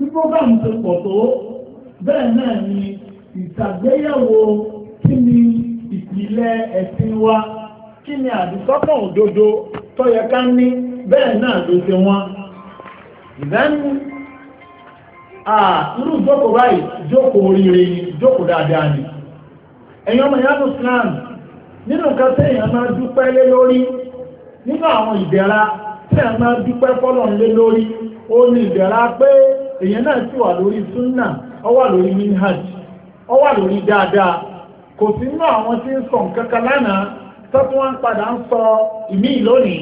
tí program ti pọ̀ tó bẹ́ẹ̀ náà ni ìṣàgbéyẹ̀wò kí ni ìpìlẹ̀ ẹ̀sìn wa kí ni àdìsọ́kàn òdodo tó yẹ ká ní bẹ́ẹ̀ náà ló ṣe wọ́n. ìdánimú irú ìjókòó báyìí jókòó jókòó dáadáa ni ẹ̀yin ọmọ ìyá nínú máa dúpẹ́ lé lórí nínú àwọn máa lé lórí ó ní ìdẹ̀ra pé èyàn náà sì wà lórí súnà ọwà lórí minhaj ó wà lórí dáadáa kò sí nínú àwọn tí ń sọ nǹkan kan lánàá sọ ìmí lónìí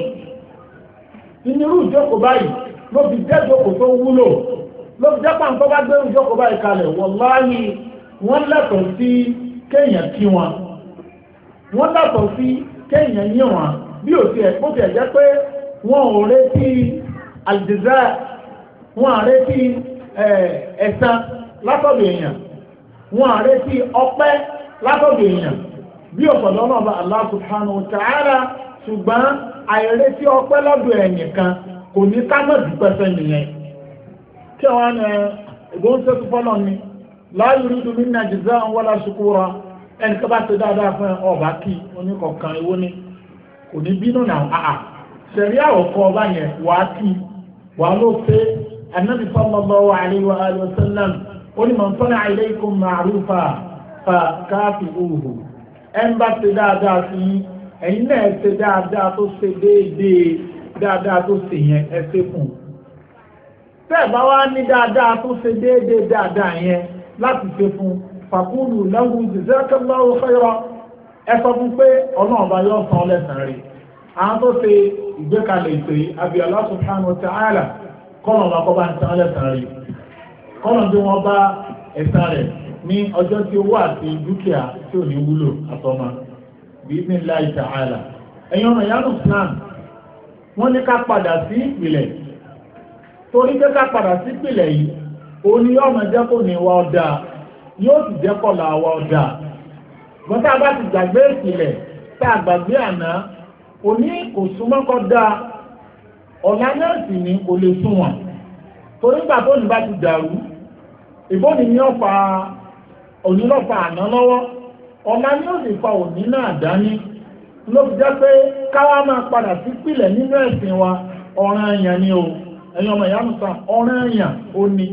nínú ìjókòó báyìí ló fi jẹ́ ìjókòó tó wúlò ló fi jẹ́ bá gbé ìjókòó báyìí kalẹ̀ wọ́n lẹ́tọ̀ọ́ sí kéèyàn kí wọn wọ́n lẹ́tọ̀ọ́ sí Eh, ẹ̀san látọ̀dọ̀ èèyàn wọn àrètí ọpẹ́ látọ̀dọ̀ èèyàn bí ọ̀sọ̀dọ̀ náà bá Allah subhanahu wa ta'ala ṣùgbọ́n ọpẹ́ lọ́dọ̀ ẹ̀yìn kan kò ní ká mọ̀ dúpẹ́ kí wọ́n ní ìgbóhùnsẹ́tù fọ́lọ́ ni láàyè bá ti dáadáa fún ẹ ọba kí oníkọ̀ọ̀kan ni kò ní bínú náà àà àwọ̀kọ́ ọba yẹn wàá kí wàá ló pé anabi sallallahu alayhi wa alihi wa sallam ó ní man sana ilaykum ma'rufa fa kafi'uhu ẹ̀ ń bá ṣe dáadáa sí ẹ̀yin náà ẹ̀ ṣe dáadáa tó ṣe déédéé dáadáa tó ṣe yẹn ẹ̀ ṣe fún un bẹ́ẹ̀ bá wá ní dáadáa tó ṣe déédéé dáadáa yẹn láti ṣe fún fàkúlù lẹ́hùn jazakallahu khayra ẹ sọ fún pé ọlọ́ọ̀bá yóò san lẹ́sàn-án rẹ̀ àwọn tó ṣe ìgbékalẹ̀ ètò yìí abiyalá subhanahu wa ta'ala kọ́nà ọba kọ́ bá ń tán lẹ́sàn kọ́nà bí wọ́n bá ẹ̀sà rẹ̀ ní ọjọ́ tí owó àti dúkìá tí ò ní wúlò àtọ́mọ bí ní láì tààlà ẹ̀yin ọ̀nà yánú plan wọ́n ní ká padà sí ìpìlẹ̀ torí pé ká padà sí ìpìlẹ̀ yìí ní wa ọ̀dà yóò sì wa ọ̀dà bá ti gbàgbé ìpìlẹ̀ tá a ọ̀la náà sì ni kò lè sún wọn torí gbà tó nígbà ti dàrú ní ọ̀fà onílọ́fà àná lọ́wọ́ ọ̀la ni ó fa òní náà dání ló fi jẹ́ pé káwá máa padà sí pìlẹ̀ nínú ẹ̀sìn wa ọ̀ràn èèyàn ni o ẹ̀yin ọmọ ìyá ọ̀ràn èèyàn ó ní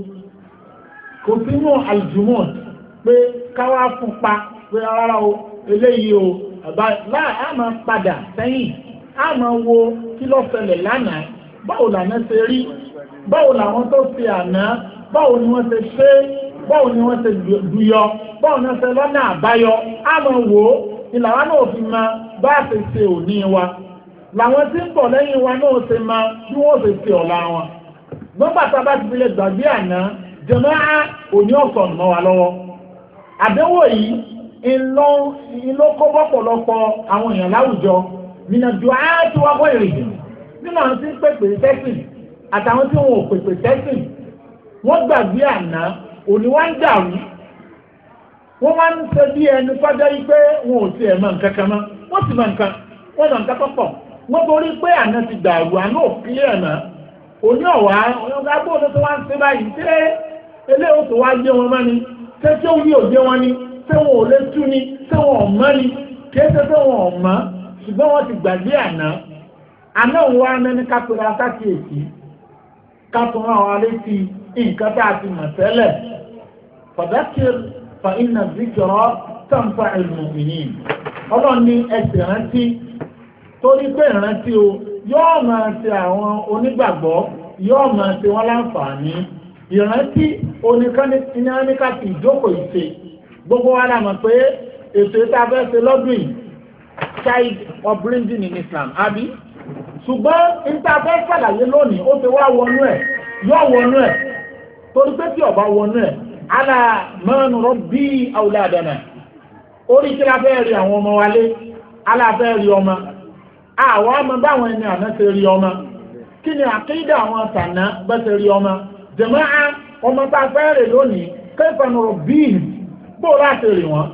kò o eléyìí o àbá a máa wo kí ló ṣẹlẹ̀ lánàá báwo làná ṣe rí báwo làwọn tó ṣe àná báwo ni wọ́n ṣe ṣe báwo ni wọ́n ṣe dùyọ báwo ni wọ́n ṣe lọ́nà àbáyọ a máa wò ó ìlànà náà fi máa bá a ṣe ṣe òní wa làwọn tí ń bọ̀ lẹ́yìn wa náà ṣe máa bí wọ́n ṣe ṣe ọ̀la wọn nígbà tá a bá ti lè gbàgbé àná jẹ̀mọ́ á òní ọ̀sán mọ́ wa lọ́wọ́ àdéhùn yìí ńlọ kọ́ bọ́pọ̀lọpọ̀ àwọn èèyàn láwùjọ nínú dùá tí wọ́n wọ̀ èrè nínú àwọn tí ń pèpè sẹ́sìn àtàwọn tí wọn ò pèpè sẹ́sìn wọ́n gbàgbé àná òní wọ́n ń dàrú wọ́n wá ń ṣe bí ẹni fọ́jọ́ yìí pé wọn ò tiẹ̀ mọ nǹkan kan mọ́ wọ́n sì mọ nǹkan wọ́n mọ nǹkan pọ̀pọ̀ wọ́n borí pé àná ti dàrú àná ò kí ẹ̀nà òní ọ̀wá agbóhùn tó wá ń ṣe báyìí ṣé eléyìí tó wá gbé wọn mọ́ ni ṣé tí ó wí òde wọn ni ṣé wọn ò lè tú ni ṣé wọn ò mọ́ ni kì í ṣe pé wọn ò mọ́ ṣùgbọ́n wọ́n ti gbàgbé àná àná òun wá mẹ́ni kápẹ́rẹ́ akákìyèsí ká tún rán wa létí nǹkan tá a ti mọ̀ tẹ́lẹ̀ fadakir fa inna zikra tanfa'ul mu'minin ọlọ́run ní ẹsẹ̀ rántí torí pé ìrántí o yóò máa ṣe àwọn onígbàgbọ́ yóò máa ṣe wọ́n láǹfààní ìrántí oníkaníkaníkàtì ìjókòó ìṣe gbogbo wa la mọ̀ pé ètò ìta fẹ́ ṣe lọ́dún yìí child upbringing in Islam àbí ṣùgbọ́n níta-fẹ́ ṣàlàyé lónìí ó ti wá wọnú ẹ̀ yọ wọnú ẹ̀ torí pé tí ọba wọnú ẹ̀ ala mọ́nu rọ́bì awladana orí kí la fẹ́ rí àwọn ọmọ wa lé ala fẹ́ rí ọmọ àwọn ọmọ báwọn ẹni àná ti rí ọmọ kí ni àkídà àwọn tànà bẹ́ ti rí ọmọ jàmáà ọmọ tá a fẹ́ rè lónìí kẹfẹ́ nu rọ́bì bó láti rí wọn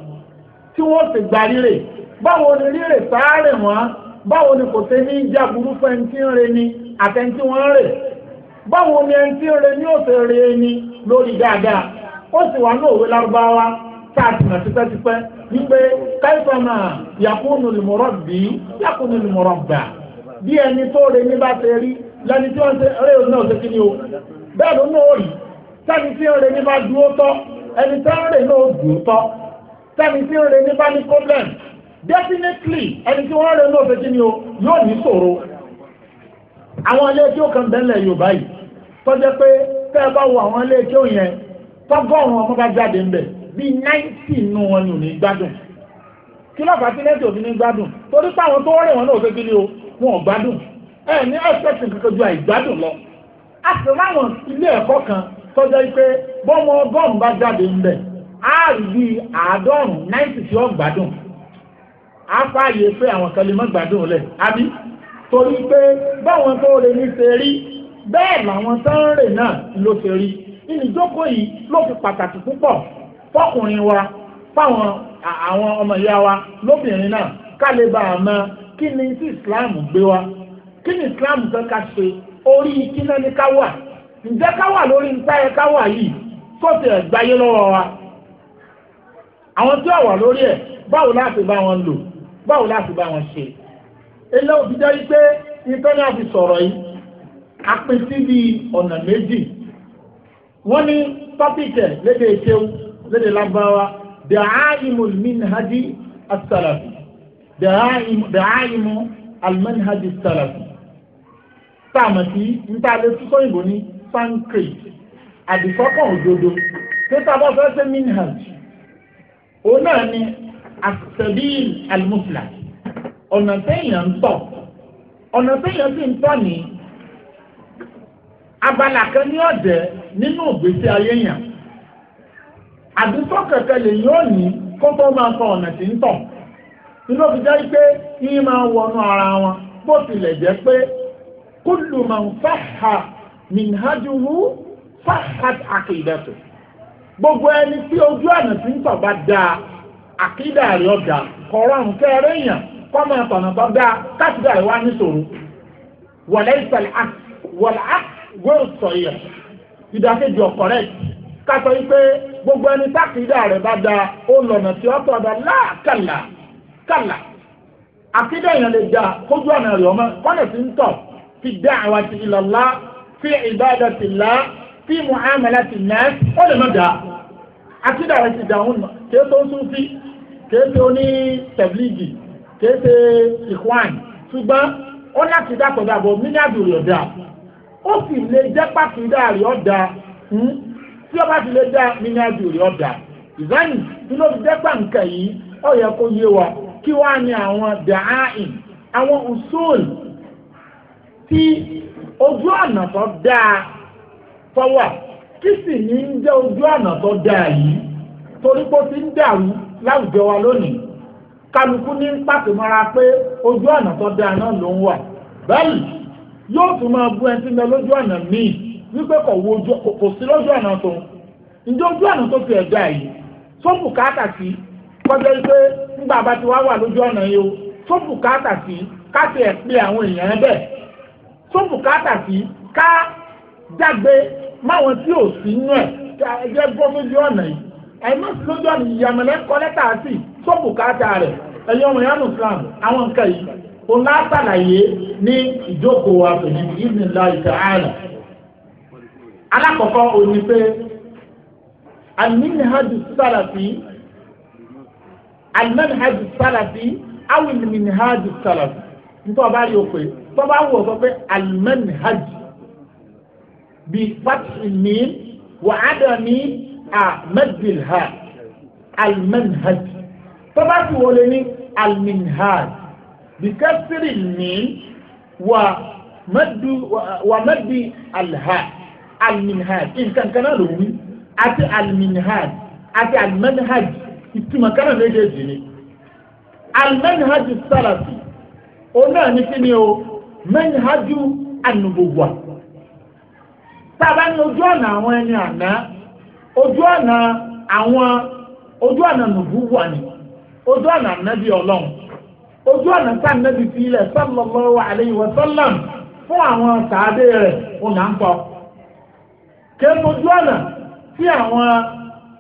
tí wọ́n ti gbarí rè báwo ni rírè sáárè wọn báwo ni kò ṣe ní ìjà burúkú ẹni tí ń re ni àtẹni tí wọ́n rè báwo ni ẹni tí ń re ni ó ṣe re ni lórí dáadáa ó sì wà ní òwe lárúbáwá tá a ti mọ̀ tipẹ́tipẹ́ wípé káìsọ̀nà yakunu lùmọ̀rọ̀ bí yakunu lùmọ̀rọ̀ gbà bí ẹni tó re ní bá ṣe rí lẹni tí wọ́n ṣe eré òun náà ṣe kí ni o bẹ́ẹ̀ ló náà rí sẹ́ni tí ń re ní bá dúró tọ́ ẹni tí ń re náà dúró tọ́ sẹ́ni tí ń re ní bá ní problem definitely ẹni tí wọ́n rẹ̀ ní òfin kíni o yóò ní ṣòro àwọn ilé tí ó kàn bẹ́ẹ̀lẹ̀ yorùbá yìí tó jẹ́ pé tẹ́ ẹ bá wo àwọn ilé tí ó yẹn tọ́gọ́rùn-ún ọmọ bá jáde ń bẹ̀ bíi náìtì nù wọn ní gbádùn kí lọ́ọ̀fà tí nẹ́ẹ̀tì òfin ní gbádùn torí pé àwọn tó rẹ̀ wọn náà òfin kíni o wọn ò gbádùn ẹ ní ẹ̀sẹ̀tì kankan ju àìgbádùn lọ a sì láwọn ilé ẹ̀kọ́ kan tó jẹ́ pé bọ́mọ ọgọ́rùn-ún bá jáde ń bẹ̀ á rí bíi àádọ́rùn-ún náìtì tí ó gbádùn á fààyè pé àwọn kan lè má gbádùn lẹ̀ àbí torí pé báwọn tó rè ní ṣe rí bẹ́ẹ̀ làwọn tó ń rè náà ló ṣe rí ìnìjókòó yìí ló fi pàtàkì púpọ̀ fọkùnrin wa fáwọn àwọn ọmọ ìyá wa lóbìnrin náà ká lè bá a mọ kí ni tí Islam gbé wa kí ni Islam fẹ́ ká ṣe orí kí náà ní ká wà ǹjẹ́ ká wà lórí nípa ẹ̀ ká wà yìí tó ti ẹ̀ gbáyé lọ́wọ́ wa àwọn tí ó wà lórí ẹ̀ báwo láti bá wọn lò báwo láti bá wọn ṣe ilé òbí jẹ́ wípé ìtọ́ ní àfi sọ̀rọ̀ yìí a pín sí bí ọ̀nà méjì wọ́n ní pápítẹ̀ lédè ìṣeun lédè lágbára dàáìmù minhaji asalafi dàáìmù almanhaji asalafi táàmù sí níta lè tún sóyìnbó ní pancreas àdìsọ́kàn òdodo pé tá òun náà ni as-sabil al-muflah ọ̀nà téèyàn ń tọ̀ ọ̀nà téèyàn sì ń tọ̀ ní abala kan ní ọ̀dẹ̀ nínú ìgbésí ayé yàn àdúgbò kẹ̀kẹ́ lè yóò ní kó tó máa kọ ọ̀nà tí ń tọ̀ nínú òfin jẹ́ pé yín máa wọnú ara wọn bó tilẹ̀ jẹ́ pé kullu man sahha minhajuhu sahhat aqidatuhu gbogbo ẹni tí ojú ọ̀nà tí ń tọ̀ bá dáa àkídà rẹ̀ ọ̀dà kọ̀ọ̀rọ̀ àrùn kẹrẹ́ èèyàn kọ́mọ ọ̀nà tó dá káṣídà rẹ̀ wá níṣòro wọ̀lẹ́ ìsẹ̀lẹ̀ àt wọ̀lẹ́ àt wọ́n sọ yẹ ìdákejì ọ̀kọ̀rẹ́ kátó yí pé gbogbo ẹni tákìdá rẹ̀ bá da ó lọ̀nà tí ó tọ̀ dá láàkàlà kàlà àkídà èèyàn lè da kójú ọ̀nà rẹ̀ ọmọ kọ́nà tí ń tọ̀ fi dá àwọn àti ìlọ̀lá fi ìbáda ti lá fi muhammadu ti nẹ́ẹ̀ ó lè má da àkídà rẹ̀ ti dàrú nù kí ó tó ń sún sí kéèké oní tẹ̀blígì kéèké ìkwáìn ṣùgbọ́n ó ní àtidá pẹ̀lú àbọ̀ mílíọ̀dù rẹ̀ ọ̀dà ó sì lè jẹ́ pàtìdá rẹ̀ ọ̀dà hmm? tí ó bá ti lè dá mílíọ̀dù rẹ̀ ọ̀dà ìzáyìn tí ló fi jẹ́ pàǹkà yìí ó yẹ kó yé wa kí wá ní àwọn dàáìn àwọn usul tí ojú ọ̀nà tó dáa fọwọ́ kí sì ní ń jẹ́ ojú ọ̀nà tó dáa yìí torí pé ó ti ń dàrú láwùjọ wa lónìí kálukú ní pàtó mọ́ra pé ojú ọ̀nà tó dáa náà ló ń wà bẹ́ẹ̀lì yóò tún máa bú ẹni tí ń bẹ lójú ọ̀nà míì wípé kò wo ojú kò sí lójú ọ̀nà tó ǹjẹ́ ojú ọ̀nà tó fi ẹ̀dá yìí tó bùkátà sí kọjá wípé nígbà bá ti wá wà lójú ọ̀nà yìí o tó bùkátà sí ká ti ẹ̀ pé àwọn èèyàn ẹ̀ bẹ̀ tó bùkátà sí ká dàgbé máwọn tí ò sí nú ẹ̀ ẹ̀jẹ̀ bọ́ lójú ọ̀nà yìí ẹ̀mí lójú ọ̀nà ìyàmẹ̀lẹ́ kọ́ lẹ́tà sí sọ́ọ̀bù káàtà rẹ̀ ẹ̀yọ́ ọmọ yánú Islam àwọn nǹkan yìí òun náà ṣàlàyé ní ìjókòó wa pẹ̀lú ìdílé ìtàhánà. alákọ̀ọ́kọ́ òní pé aliminihadu sálàfí aliminihadu sálàfí awiliminihadu sálàfí nítorí ọba rí o pé tọ́ba wò sọ pé aliminihadu bíi fatimi wàhádàmí àmẹ́dìlhà almanhaj tó bá ti wọlé ní alminhaj bìkẹ́sìrì ní wà mẹ́dì alha alminhaj nǹkan kan náà ló wí àti alminhaj àti almanhaj ìtumọ̀ kan náà méjèèjì ni almanhaj salafi òun náà ní kí ni o manhaju anubuwa tàbá ní ojú ọ̀nà àwọn ẹni àná. ojú ọ̀nà àwọn ojú ọ̀nà nùbú wà ní ojú ọ̀nà ànábì ọlọ́run ojú ọ̀nà fún àwọn sàádé rẹ̀ òun là ń ojú ọ̀nà tí àwọn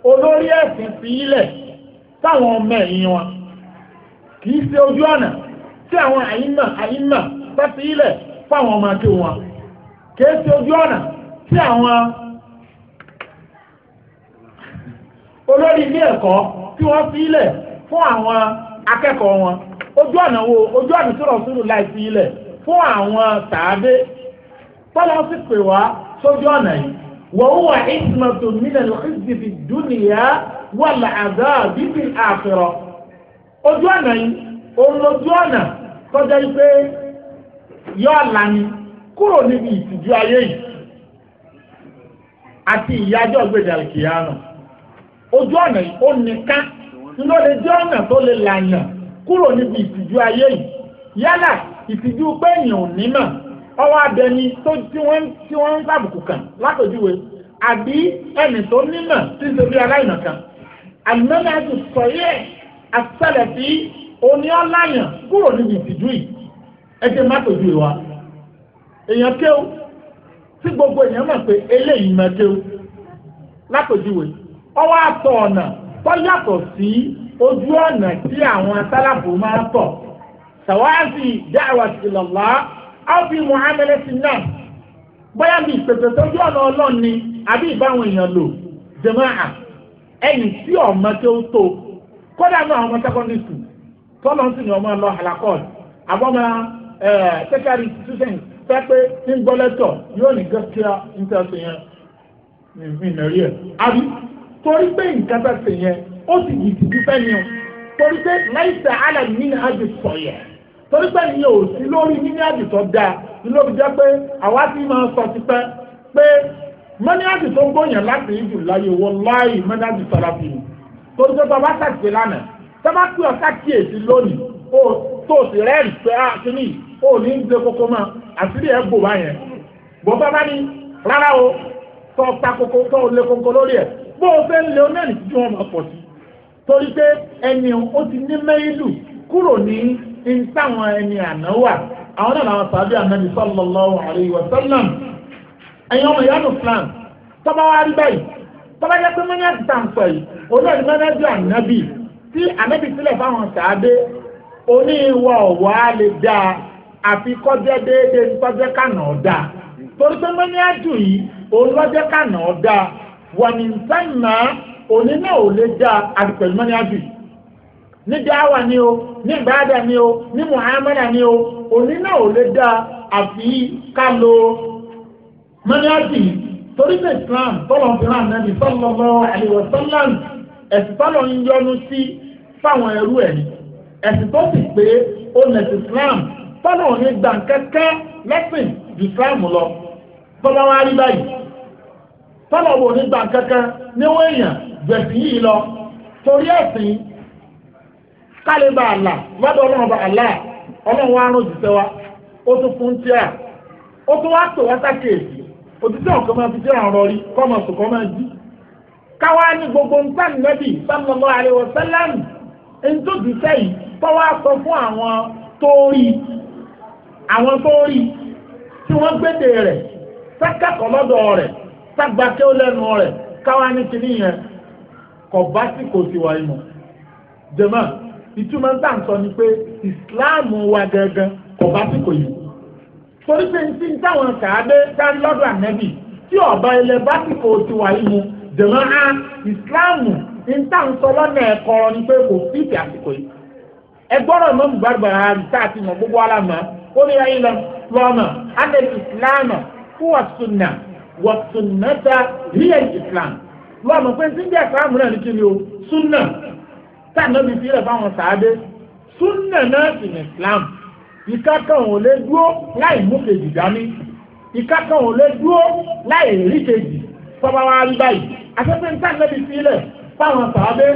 olórí ẹ̀sìn fi ilẹ̀ ọmọ ẹ̀yìn wọn kì í ṣe ojú ọ̀nà àwọn fi tí olórí ilé ẹ̀kọ́ kí wọ́n fi ilẹ̀ fún àwọn akẹ́kọ̀ọ́ wọn ojú ọ̀nà wo ojú ọ̀nà tí rọ̀súlù láì fi ilẹ̀ fún àwọn tàbí tọ́lá sì pè wá sójú ọ̀nà yìí wọ́wọ́ ìsìmọ̀tò mílẹ̀ lọ́sì fi dúnìyà wà láàdá bíbí àfẹ́rọ̀ ojú ọ̀nà yìí òun lójú ọ̀nà tọ́jà yìí pé yọ lani kúrò níbi ìtìjú ayé yìí àti ìyájọ́ ojú ọ̀nà yìí ó nìkan ló lè jẹ́ ọ̀nà tó lè làyàn kúrò níbi ìtìjú ayé yìí yálà ìtìjú pé èèyàn ò ní mọ̀ ọwọ́ abẹni tí wọ́n ń fàbùkù kàn látòjúwe àbí ẹnì tó nímọ̀ tí ń sobi aláìnà kan àlùmọ́nì àti sọ̀yẹ́ àtẹlẹ̀fí oní ọ̀làyàn kúrò níbi ìtìjú yìí ẹ jẹ́ má tòjúwe wa èèyàn kéwù tí gbogbo èèyàn mọ̀ pé eléyìí mọ̀ kéwù látòjúwe. ọwọ́ atọ ọ̀nà tó yàtọ̀ sí ojú ọ̀nà tí àwọn sálàfù máa ń tọ̀ sàwáàsì dáhùwà ábí muhammed sinna bóyá mi ìpèsè tójú ọ̀nà ọlọ́run ni àbí ìbáwọn èèyàn lò jẹ̀máà ẹni tí ọmọ tó tó kódà náà ọmọ secondary school tọ́lọ́ sì ni ọmọ lọ àlàkọ́ọ̀lù àbọ̀mọ secondary ń torí pé nǹkan tó ṣe yẹn ó sì yìí ti dúpẹ́ ni o torí pé láìsẹ̀ alẹ́ mi ni a ti sọ yẹn torí pé ìyẹn ò sí lórí níní àdìsọ́ dáa lórí jẹ́ pé àwa ti máa sọ tipẹ́ pé mọ́ní àdìsọ́ gbóyàn láti ìjù láyé wọ́n láì mọ́ní àdìsọ́ láti ìlú torí pé bàbá sàkíyè lánàá sábà pé ọ̀sá kíyèsí lónìí tó o sì rẹ́ẹ̀rì pé a ah, ti ní o ní gbé kókó mọ́ àṣírí ẹ̀ gbò báyẹn bó bá bá ní rárá o tó o ta kókó tó o lé kókó lórí ẹ̀ bó o fẹ́ lé ọ́nà ní ọmọ pọ̀ sí torí pé ẹni ti ní mẹ́ìlù kúrò ní ìtàwọn ẹni àná wà àwọn náà làwọn sàbí ànábi sallallahu alaihi wa sallam ẹ̀yin ọmọ ìyá wa rí báyìí tọba yẹ pé mẹ́ni àti tàǹpẹ̀ yìí òun náà ní mẹ́nẹ́jọ́ tí sílẹ̀ fáwọn sàádé oní ìwọ ọ̀wọ́ á lè àfi déédéé torí pé wàmí nsánná òní náà ò lè já àdìpẹ̀lúmọ́ni àbí ní dáwà ni o ní ìbáàdà ni o ní muhammadu ni o òní náà ò lè já àfi kálò mọ́ni àbí torí pé islam tọ́lọ̀ fi hàn nàbì sallallahu alaihi wasallam ẹ̀sìn tọ́lọ̀ ń yọnu sí fáwọn ẹrú ẹ̀ ẹ̀sìn tó sì pé ó nẹ̀sìn islam tọ́lọ̀ ò ní gbà lẹ́sìn ju islam lọ bọ́lá wa báyìí. tọ́lọ̀ wò ní gbàǹkankan níwọ̀n èèyàn gbẹ̀sìn yìí lọ torí ẹ̀sìn kálíbà àlà lọ́dọ̀ ọlọ́run bá àlà ọlọ́run wa rún òjìṣẹ́ wa ó tún fún ó tún wá wá sákèèsì òjìṣẹ́ ọ̀kan máa fi jẹ́ sùn jí káwá ní gbogbo nǹkan sọ fún àwọn àwọn tí wọ́n kágbà kí ó lẹ́nu rẹ̀ káwá ní kíní yẹn kọ̀ bá kò sí wà ìmọ̀ jẹ̀mọ́ ìtumọ̀ ń tà ni pé ìsìláàmù wa gẹ́gẹ́ kọ̀ bá sì kò yìí torí pé ní táwọn kàádé dárí lọ́dọ̀ ànẹ́bì tí ọ̀bá ilẹ̀ bá sì kò sí wà ìmọ̀ jẹ̀mọ́ á ìsìláàmù ní tà ń sọ lọ́nà ẹ̀kọ́ ni pé kò sí ìfẹ́ àsìkò yìí ẹgbọ́rọ̀ mọ́mù gbàgbà àrùn tá wà sunnata hiya islam wọ́n àmọ̀ pé síbi àtàwọn náà ní kí ni o sunna tá ànábi fi rẹ̀ fáwọn sàádé sunna náà sì ní islam ìkákan ò lè dúró láì mú kejì dání ìkákan ò lè dúró láì rí kejì tọ́ba wa rí báyìí afẹ́fẹ́ ń tá ànábi fi rẹ̀ fáwọn sàádé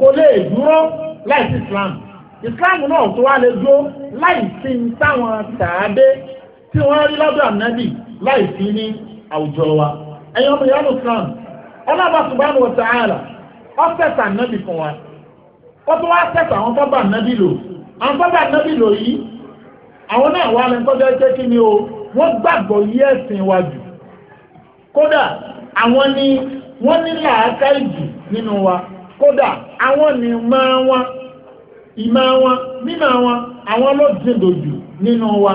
kò lè dúró láì sí islam islam náà tó wá lè dúró láì sí táwọn sàádé tí wọ́n rí lọ́dọ̀ ànábì láì sí ní àwùjọ wa ẹ̀yin ọmọ ìyá lùsàn ọlọ́ba subhanahu wa ta'ala ọ́sẹ̀tà ànábì fún wa ó tún wá sẹ̀tà àwọn tó bá ànábì lò àwọn tó bá ànábì lò yìí àwọn náà wà lẹ́nu tọ́jú ẹgbẹ́ kí ni o wọ́n gbàgbọ́ yí ẹ̀sìn wa jù kódà àwọn ni wọ́n ní làákàyè jù nínú wa kódà àwọn ni máa wọn ìmọ̀ wọn mímọ̀ wọn àwọn ló dìndò jù nínú wa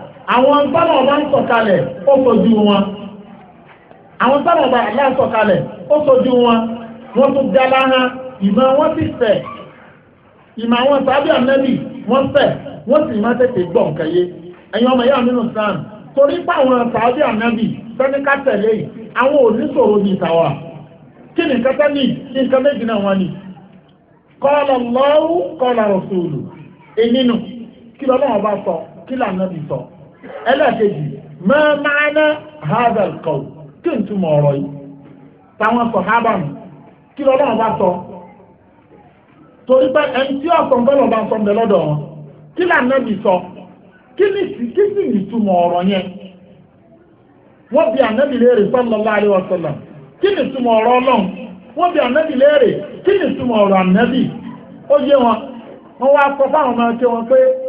àwọn sábà ọba ń sọ̀kalẹ̀ ó sojú wọn àwọn sábà ọba àlá sọ̀kalẹ̀ ó sojú wọn wọ́n tún dá láhá ìmọ̀ wọn sì fẹ̀ ìmọ̀ àwọn sábà ànábì wọ́n fẹ̀ wọ́n sì máa tètè ẹ̀yin ọmọ nínú sàn torí àwọn sẹ́ni ká tẹ̀lé yìí àwọn ní kí ni nǹkan sẹ́ni kí ẹlẹ́ẹ̀kejì máa máa ná hazel kọ̀ kí n túmọ̀ ọ̀rọ̀ yìí táwọn sàhábà mi kí lọ́lọ́run bá sọ torí pé ẹni tí ọ̀sán bọ́lọ̀ bá sọ lọ́dọ̀ wọn kí lànàbì sọ kí ni kí sì ní túmọ̀ ọ̀rọ̀ yẹn wọ́n bí ànábì léèrè sallallahu alaihi kí ni túmọ̀ ọ̀rọ̀ ọlọ́run wọ́n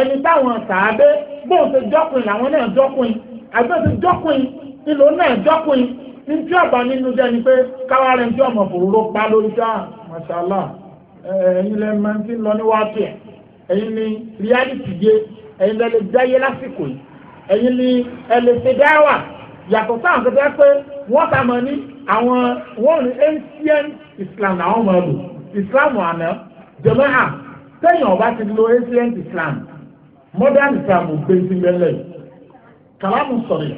ẹni táwọn sàábé bóun ṣe jọ́kùn làwọn náà jọ́kùn àbí ṣe jọ́kùn ìlò náà jọ́kùn ní tí ọ̀bà nínú jẹ́ ni pé káwá rẹ̀ ń tí ọmọ òróró pa lórí já ah, màṣálà ẹ̀yin lẹ́ máa ń ti lọ ní wáàtì ẹ̀ ẹ̀yin ni reality yé ẹ̀yin lẹ́ lè jáyé lásìkò yìí ẹ̀yin ni ẹ lè ṣe dáwà yàtọ̀ sáwọn kẹtẹ pé wọ́n ta mọ̀ ní àwọn wọ́n ancient Islam làwọn mọ̀ lò Islam àná jẹ̀mọ́ à sẹ́yìn ọba ti lo ancient Islam modern kàmù gbèsè mẹ́lẹ̀ kàlámù sọ̀rọ̀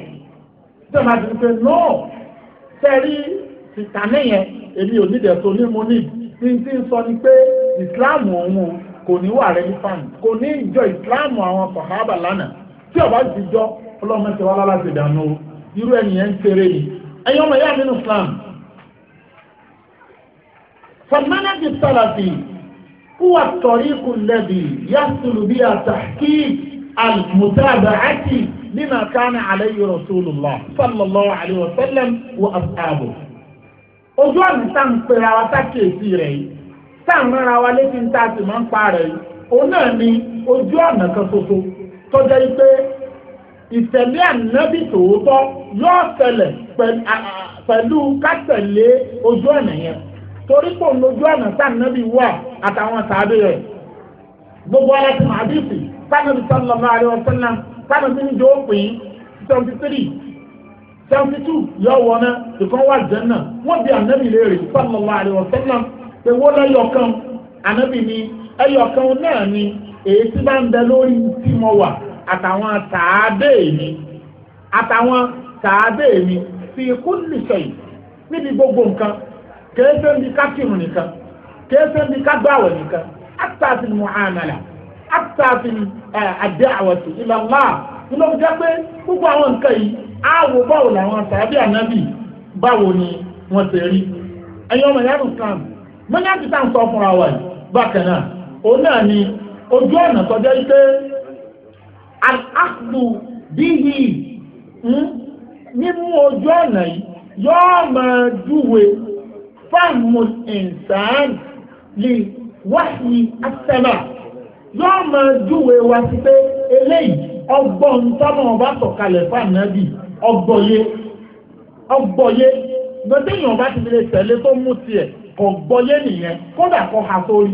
ṣé máa ti pé no sẹ́rí sìtánì yẹn èmi ò nídẹ̀ẹ́ tó ní mo ní ní ti ń sọ ni pé ìsìláàmù òun kò ní wà relevant kò ní ìjọ ìsìláàmù àwọn sàhábà lánàá tí ọba ti jọ ọlọ́mọ ti wá lára ti dànù irú ẹnìyẹn ń ṣeré ni ẹ̀yin ọmọ ìyá mi Islam fọmánà ti sọ̀rọ̀ sí هو الطريق الذي يصل بها تحقيق المتابعة لما كان عليه رسول الله صلى الله عليه وسلم وأصحابه ojú ọ̀nà tá à ń pera wa sákèésí rẹ̀ yìí tá à ń rárá wa létí ń tá a sì máa ń pa yìí òun náà ni ojú ọ̀nà kan ṣoṣo tó jẹ́ pé ìtẹ̀lé ànábì tòótọ́ yóò ṣẹlẹ̀ pẹ̀lú ká ojú ọ̀nà yẹn torí pò ń lójú ọ̀nà sànàbí wà àtàwọn sàbẹ̀ rẹ̀ gbogbo ara ti mọ̀ àdìsí sànàbí sallallahu alaihi wasallam sànàbí ní jọ pín seventy three seventy two yọ wọ náà ìkan wà jẹ́nà wọ́n bí ànábì léèrè sallallahu alaihi wasallam pé wọ́n lẹ́yọ̀ kan ànábì ni ẹyọ̀ kan náà ni èyí tí bá ń bẹ lórí tí mo wà àtàwọn sàbẹ̀ mi àtàwọn sàbẹ̀ mi fi kulli shay níbi gbogbo nǹkan kéésẹ́ ní ká kírun nìkan kéésẹ́ ní ká gbàwẹ̀ nìkan àtàtì muhamala àtàtì àdé àwọ̀tì ìlàlá ìlọ́ fi jẹ́ pé gbogbo àwọn nǹkan yìí àwò báwo làwọn sàbí ànábì báwo ni wọ́n ti rí ẹ̀yin ọmọ ìyá islam mọ́nyá ti tà ń sọ fúnra wa yìí bákan náà òun náà ni ojú ọ̀nà tọ́jọ́ yìí pé al-akhdhu mímú hmm, ojú ọ̀nà yìí yọ́ọ́ máa júwe fáàmù ìǹsàn lè wáyé àtẹ̀bà yóò máa júwe wa sí pé eléyìí ọgbọ́n tọ́mọ̀ ọba sọ̀kalẹ̀ fáàmù náà bì ọgbọ́yé ọgbọ́yé gbẹdẹ́yìn ọba ti lè tẹ̀lé tó mú tiẹ̀ kò gbọ́yé nìyẹn kódà kò ha sórí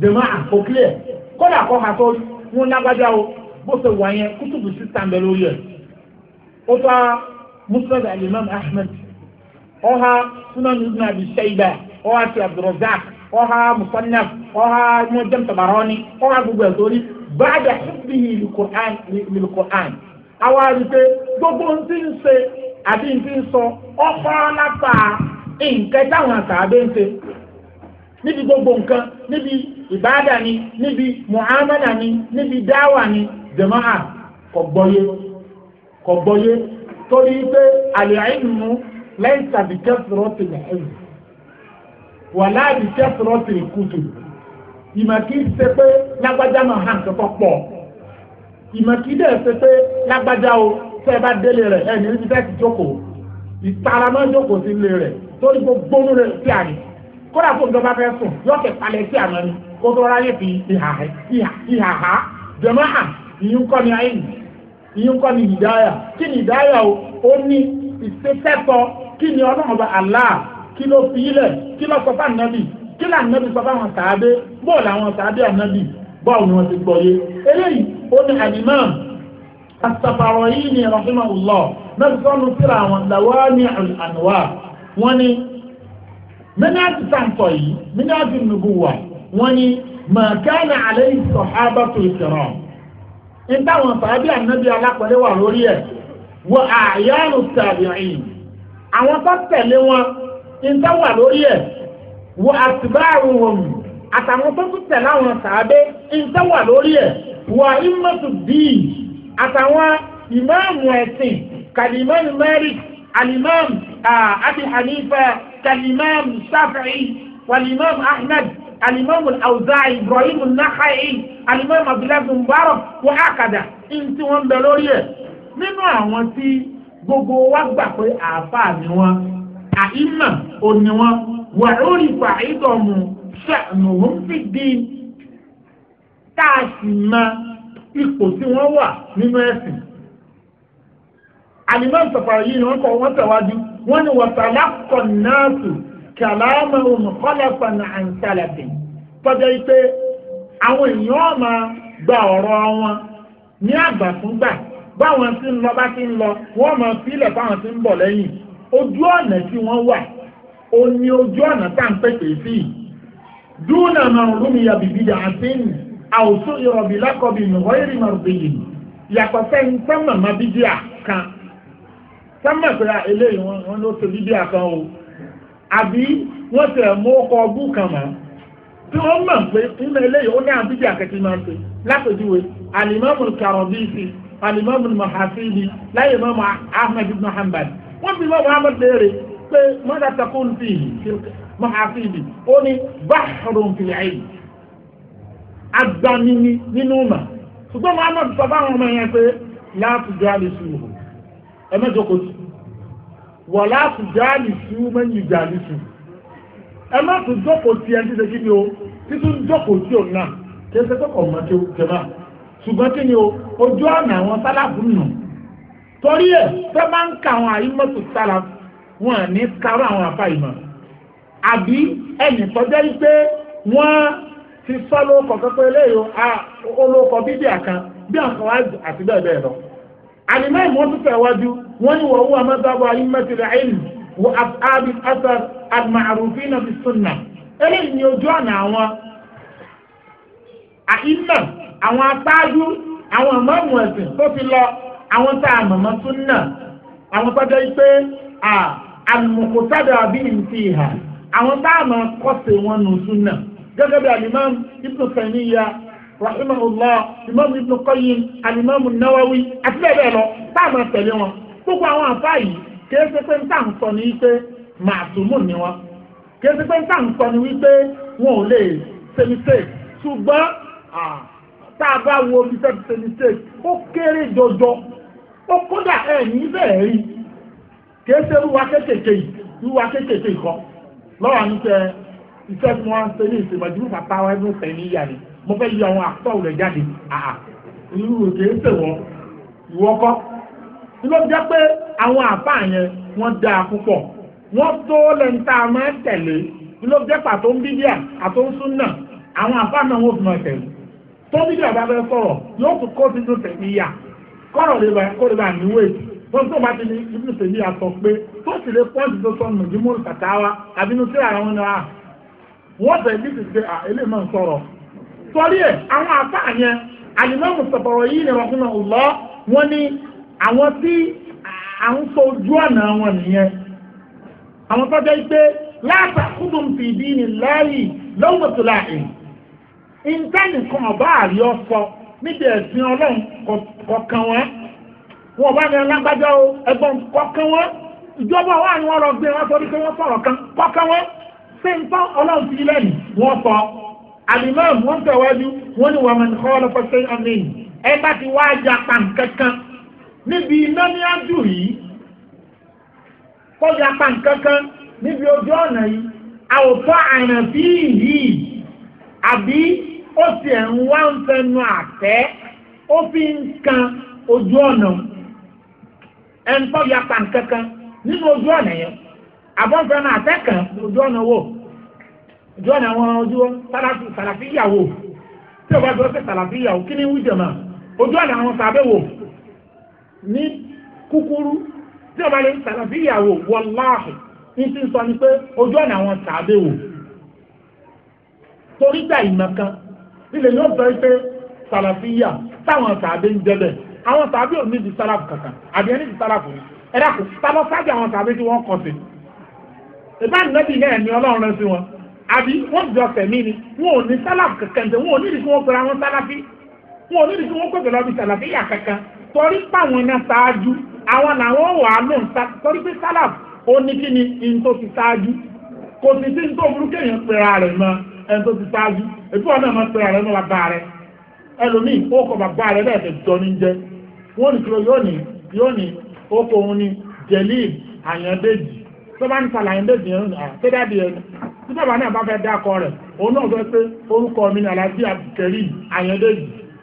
dèmọ́ àkókílẹ̀ ẹ̀ kódà kò ha sórí wọn lágbájá o bó ṣe wà yẹn kútùbù ahmed oha sunan ibn abi shayba oha ti abdurrazzaq oha musannaf ọha mujam tabarani gbogbo ẹ̀ sórí báàdà hibbihi lilqur'an lilqur'an àwa rí pé gbogbo ń ti ń ṣe àti ń ti ń gbogbo nǹkan níbi ليس بكثرة العلم ولا بكثرة الكتب ìmọ̀ kì í ṣe pé lágbájá máa hàn kí pọ̀ ìmọ̀ kì í dẹ̀ ṣe pé lágbájá o tẹ́ ẹ bá délé rẹ̀ ẹ̀ ní ibi tẹ́ ti jókòó ìtara máa ń jókòó sí ilé rẹ̀ torí gbogbo onú rẹ̀ sí àrí kódà fún ìjọba fẹ́ sùn yọ̀ọ̀kẹ́ palẹ̀ sí àná ni kó ni ayé ni ìdáyà kí ni ìdáyà o ó ní ìṣẹ́fẹ́ kí ni ọlọ́run ọba Allah kí ló fi ilẹ̀ kí ló sọ fáwọn nàbì kí là nàbì sọ fáwọn sàábé bọ́ọ̀lù àwọn sàábé ànàbì bọ́ọ̀lù ni wọ́n ti gbọ́ yé eléyìí ó ní alimam as-Safarayini rahimahullah náà sọ́nu síra àwọn lawami'ul anwar wọ́n ní mínáàtì sàǹtọ̀ yìí mínáàtì nubuwa wọ́n ní màkánà alayhi sahabatul kiram ní táwọn sàábé ànàbì alápẹ̀lẹ́ lórí ẹ̀ wọ àyánu tabi'in àwọn tó tẹ̀lé wọn ń tẹ́wà lórí ẹ̀ wọ àtibáàrù wọn àtàwọn tó tún tẹ̀lé àwọn sàábé ń tẹ́wà lórí ẹ̀ wọ ìmọ̀tò bíi àtàwọn ìmáàmù ẹ̀sìn kàlímọ́ọ̀mù Malik alimam Abi Hanifa kàlímọ́ọ̀mù Shafi'i wàlímọ́ọ̀mù Ahmed alimọ́ọ̀mù Awza'i Ibrahim An-Nakhai alimọ́ọ̀mù Abdullahi Mubarak wọ́n àkàdà ń tí bẹ lórí ẹ̀ nínú àwọn tí gbogbo wa gbà pé àáfàá ni wọn àìmọ̀ òní wọn wà lórí ìfà ìdọ̀mù ṣàánú òun fi di tá a sì mọ ipò tí wọ́n wà nínú ẹ̀sìn. àlìmọ́ ìsọ̀fàrọ̀ yìí ni wọ́n kọ́ wọ́n tẹ̀wájú wọ́n ní wàtàlá kọ̀ náà tù kàlámà olùkọ́lẹ̀pà ní àǹtàlẹ̀dì tọ́jà yìí àwọn èèyàn máa gba ọ̀rọ̀ wọn ní àgbà báwọn tí ń lọ bá ti ń lọ wọ́n máa filẹ̀ báwọn tí ń bọ̀ lẹ́yìn ojú ọ̀nà tí wọ́n wà ó ní ojú ọ̀nà tá à ń pèpè sí i dúnà máa rúmi yàbìbí yàtìn àwòsó ìrọ̀bì lákọ̀bì nìwọ́ ìrì màrúbìyì yàtọ̀ sẹ́yìn sẹ́mà má bíbí àkan sẹ́mà pé ah, eléyìí wọn ló ṣe bíbí àkan o àbí wọ́n ti ẹ̀ mú ọkọ̀ ọbú kan mọ́ tí wọ́n mọ̀ pé nínú eléyìí ó ní àbíbí àkẹ́kẹ́ máa ń ṣe lápèjúwe àlìmọ́ mọ̀ọ́kàrọ̀ bíi ti alimami mahafidi láyé mọ́mọ́ ahmed ibn hanbal wọ́n fi mọ́mọ́ ahmed léèrè pé mọ́tà takun fi mahafidi ó ní báhùrùn fi ẹ̀yìn agbanini nínú mà ṣùgbọ́n muhammed sọ fáwọn ọmọ yẹn pé láti jáde sùúrù ẹ mẹ́jọ kò sí wọ̀ láti jáde sùúrù mẹ́yìn jáde sùúrù ẹ má tún jókòó ẹ ti ṣe kí ni o títún jókòó tí òun náà kí ẹ ṣe tó kọ̀ mọ́ jẹ náà ṣùgbọ́n kí ni o ojú ọ̀nà àwọn sálàbù nù torí ẹ̀ fẹ́ máa ń ka àwọn àyímọ̀tò sálàbù wọn ní kárọ̀ àwọn àfa ìmọ̀ àbí ẹnì kọjá yìí pé wọ́n ti sọ lóko kọ́kọ́ eléyò olóko bíbí àkan bí àwọn wá àti bẹ́ẹ̀ bẹ́ẹ̀ lọ. àlìmọ́ ìmọ̀ tún fẹ́ wọ́n ní wọ́n wú amẹ́tàbọ̀ àyímọ̀tò rẹ̀ wọ àbí asar al-ma'rufina bis-sunnah eléyìí ni ojú ọ̀nà àwọn àyímọ̀ àwọn aṣáájú àwọn ìmáàmù ẹ̀sìn tó ti lọ àwọn tá a mọ̀mọ́ súnà àwọn tó jẹ́ pé àlùmọ̀kòtàdà àbí ìmùtì ìhà àwọn tá a mọ̀ kọ́sẹ̀ wọn nù súnà gẹ́gẹ́ bí alimam ibnu Taymiya rahimahullah imam ibnu Qayyim alimam Nawawi àti bẹ́ẹ̀ bẹ́ẹ̀ lọ tá a mọ̀ tẹ̀lé wọn gbogbo àwọn àfa yìí kìí ṣe pé nta ń sọ ni wípé màtúmù ni wọn kìí ṣe pé nta ń sọ ni wípé wọn ò lè ṣe mistake ṣùgbọ́n tá a bá wo bí fẹ́ ṣe mistake ó kéré jọjọ ó kódà ẹ̀ ní bẹ́ẹ̀ rí kìí ṣe wíwá kékèké yìí wíwá kékèké kọ lọ́wọ́ àánú tẹ iṣẹ́ tí wọ́n ń ṣe ní ìṣèwádìí fún bàbá wa ẹgbẹ́ tẹ̀ níyà ni mo fẹ́ yọ àwọn àtọ́ rẹ̀ jáde àà irú kìí ṣe wọ́n ìwọ́ kọ́ ló jẹ́ pé àwọn àbá yẹn wọ́n dáa púpọ̀ wọ́n tó lẹ́nu tá a máa tẹ̀lé ló jẹ́ pàtó ń bíbíà àtó ń sún náà àwọn àbá náà wọ́n fi máa tẹ̀lé tọ́bídì àbábẹ́ sọ̀rọ̀ yóò tún kó sínú tẹ̀mí yá kọ́rọ̀ lè bá kó lè bá níwèé tó tó bá ti ní ibùdó tèmi àtọ pé tó sì lè pọ́ǹsì tó sọnù jùmọ̀ kàtàwá àbínú sí ara wọn náà wọ́n tẹ̀ bí ti ṣe eléyìí máa ń sọ̀rọ̀ torí ẹ̀ àwọn àfa yẹn àyìnbáwò sọ̀rọ̀ yìí ni wọ́n fún un lọ wọ́n ní àwọn tí à ń sọ ojú ọ̀nà wọn nìyẹn àwọn tó jẹ́ pé láàtà kúndùn fìdí ni láàyè lọ́wọ́ tó láàyè ìntẹ́nìkan ọba àrí ọ̀fọ̀ níbi ẹ̀sìn ọlọ́run kọ̀ọ̀kan wọn wọn bá ní alágbájá o ẹ̀gbọ́n kọ̀ọ̀kan wọn ìjọba wà ní wọn lọ gbé wọn sórí pé wọn sọ̀rọ̀ kan kọ̀ọ̀kan wọn ṣé ń tán ọlọ́run ti lẹ́nu wọn sọ alimami wọn tẹ̀wájú wọn ni wàmẹ̀ nìkan ọlọ́pàá ṣe é ọ̀nẹ́yìn ẹ bá ti wá ajá pa nǹkankan níbi iná ní ájú yìí kọjá pa nǹkankan níbi ojú ọ̀nà yìí àwòtọ́ àràbí yìí àbí ó ti ẹ̀ ń wá ń fẹnu àtẹ́ ó fi ń kan ojú ọ̀nà ẹn tó ya pa nkankan nínú ojú ọ̀nà yẹn àbọ̀ ń fẹnu àtẹ́ kan ojú ọ̀nà wò ojú ọ̀nà wọn ojú sàlàfí ìyàwó tí o bá gbọ́ pé sàlàfí ìyàwó kí ni wí jẹ̀ mọ́ ojú ọ̀nà àwọn sàbẹ̀ wò ní kúkúrú tí o bá lè sàlàfí ìyàwó wọláhì ní ti sọ ni pé ojú ọ̀nà àwọn sàbẹ̀ wò torí gbà ìmọ̀ kan ilẹ̀ yóò sọ pé sàlàfíyà táwọn sàbẹ̀ ń jẹ́lẹ̀ àwọn sàbẹ̀ ò ní di sàlàfù kankan àbí ẹni di sàlàfù ni ẹ dàkú tábọ̀ sábẹ̀ àwọn sàbẹ̀ tí wọ́n kọ̀ sí. ìbá nínú ìyá ẹ̀mí ọlọ́run rẹ sí wọn àbí wọ́n jọ fẹ̀mí ni wọn ò ní sàlàfù kankan tẹ wọn ò ní ìdí kí wọ́n pẹ̀lú àwọn sàlàfí wọn ò ní ìdí kí wọ́n pẹ̀lú àwọn sàlàfíyà kankan torí páwọn náà ṣáájú àwọn làwọn wà á lò ń sa torí pé sàlàfù ó ní kí ni ní tó ti ṣáájú kò sì sí ní tó burúkú èèyàn pera rẹ̀ mọ́ ẹni tó ti ṣáájú ètò ọ̀nà ọmọ pé ààrẹ náà bá rẹ ẹlòmíì ó kọ bàbá rẹ bẹ́ẹ̀ tẹ̀ jọ ní jẹ wọ́n ní kúrò yóò ní yóò ní ó kọ òun ní jẹ̀líìb àyàndéjì tó bá ń sàlà àyàndéjì yẹn àtẹ́dàdì yẹn tí bàbá náà bá fẹ́ dákọ rẹ̀ òun náà fẹ́ pé orúkọ mi ní alájí àbùkẹ́rì àyàndéjì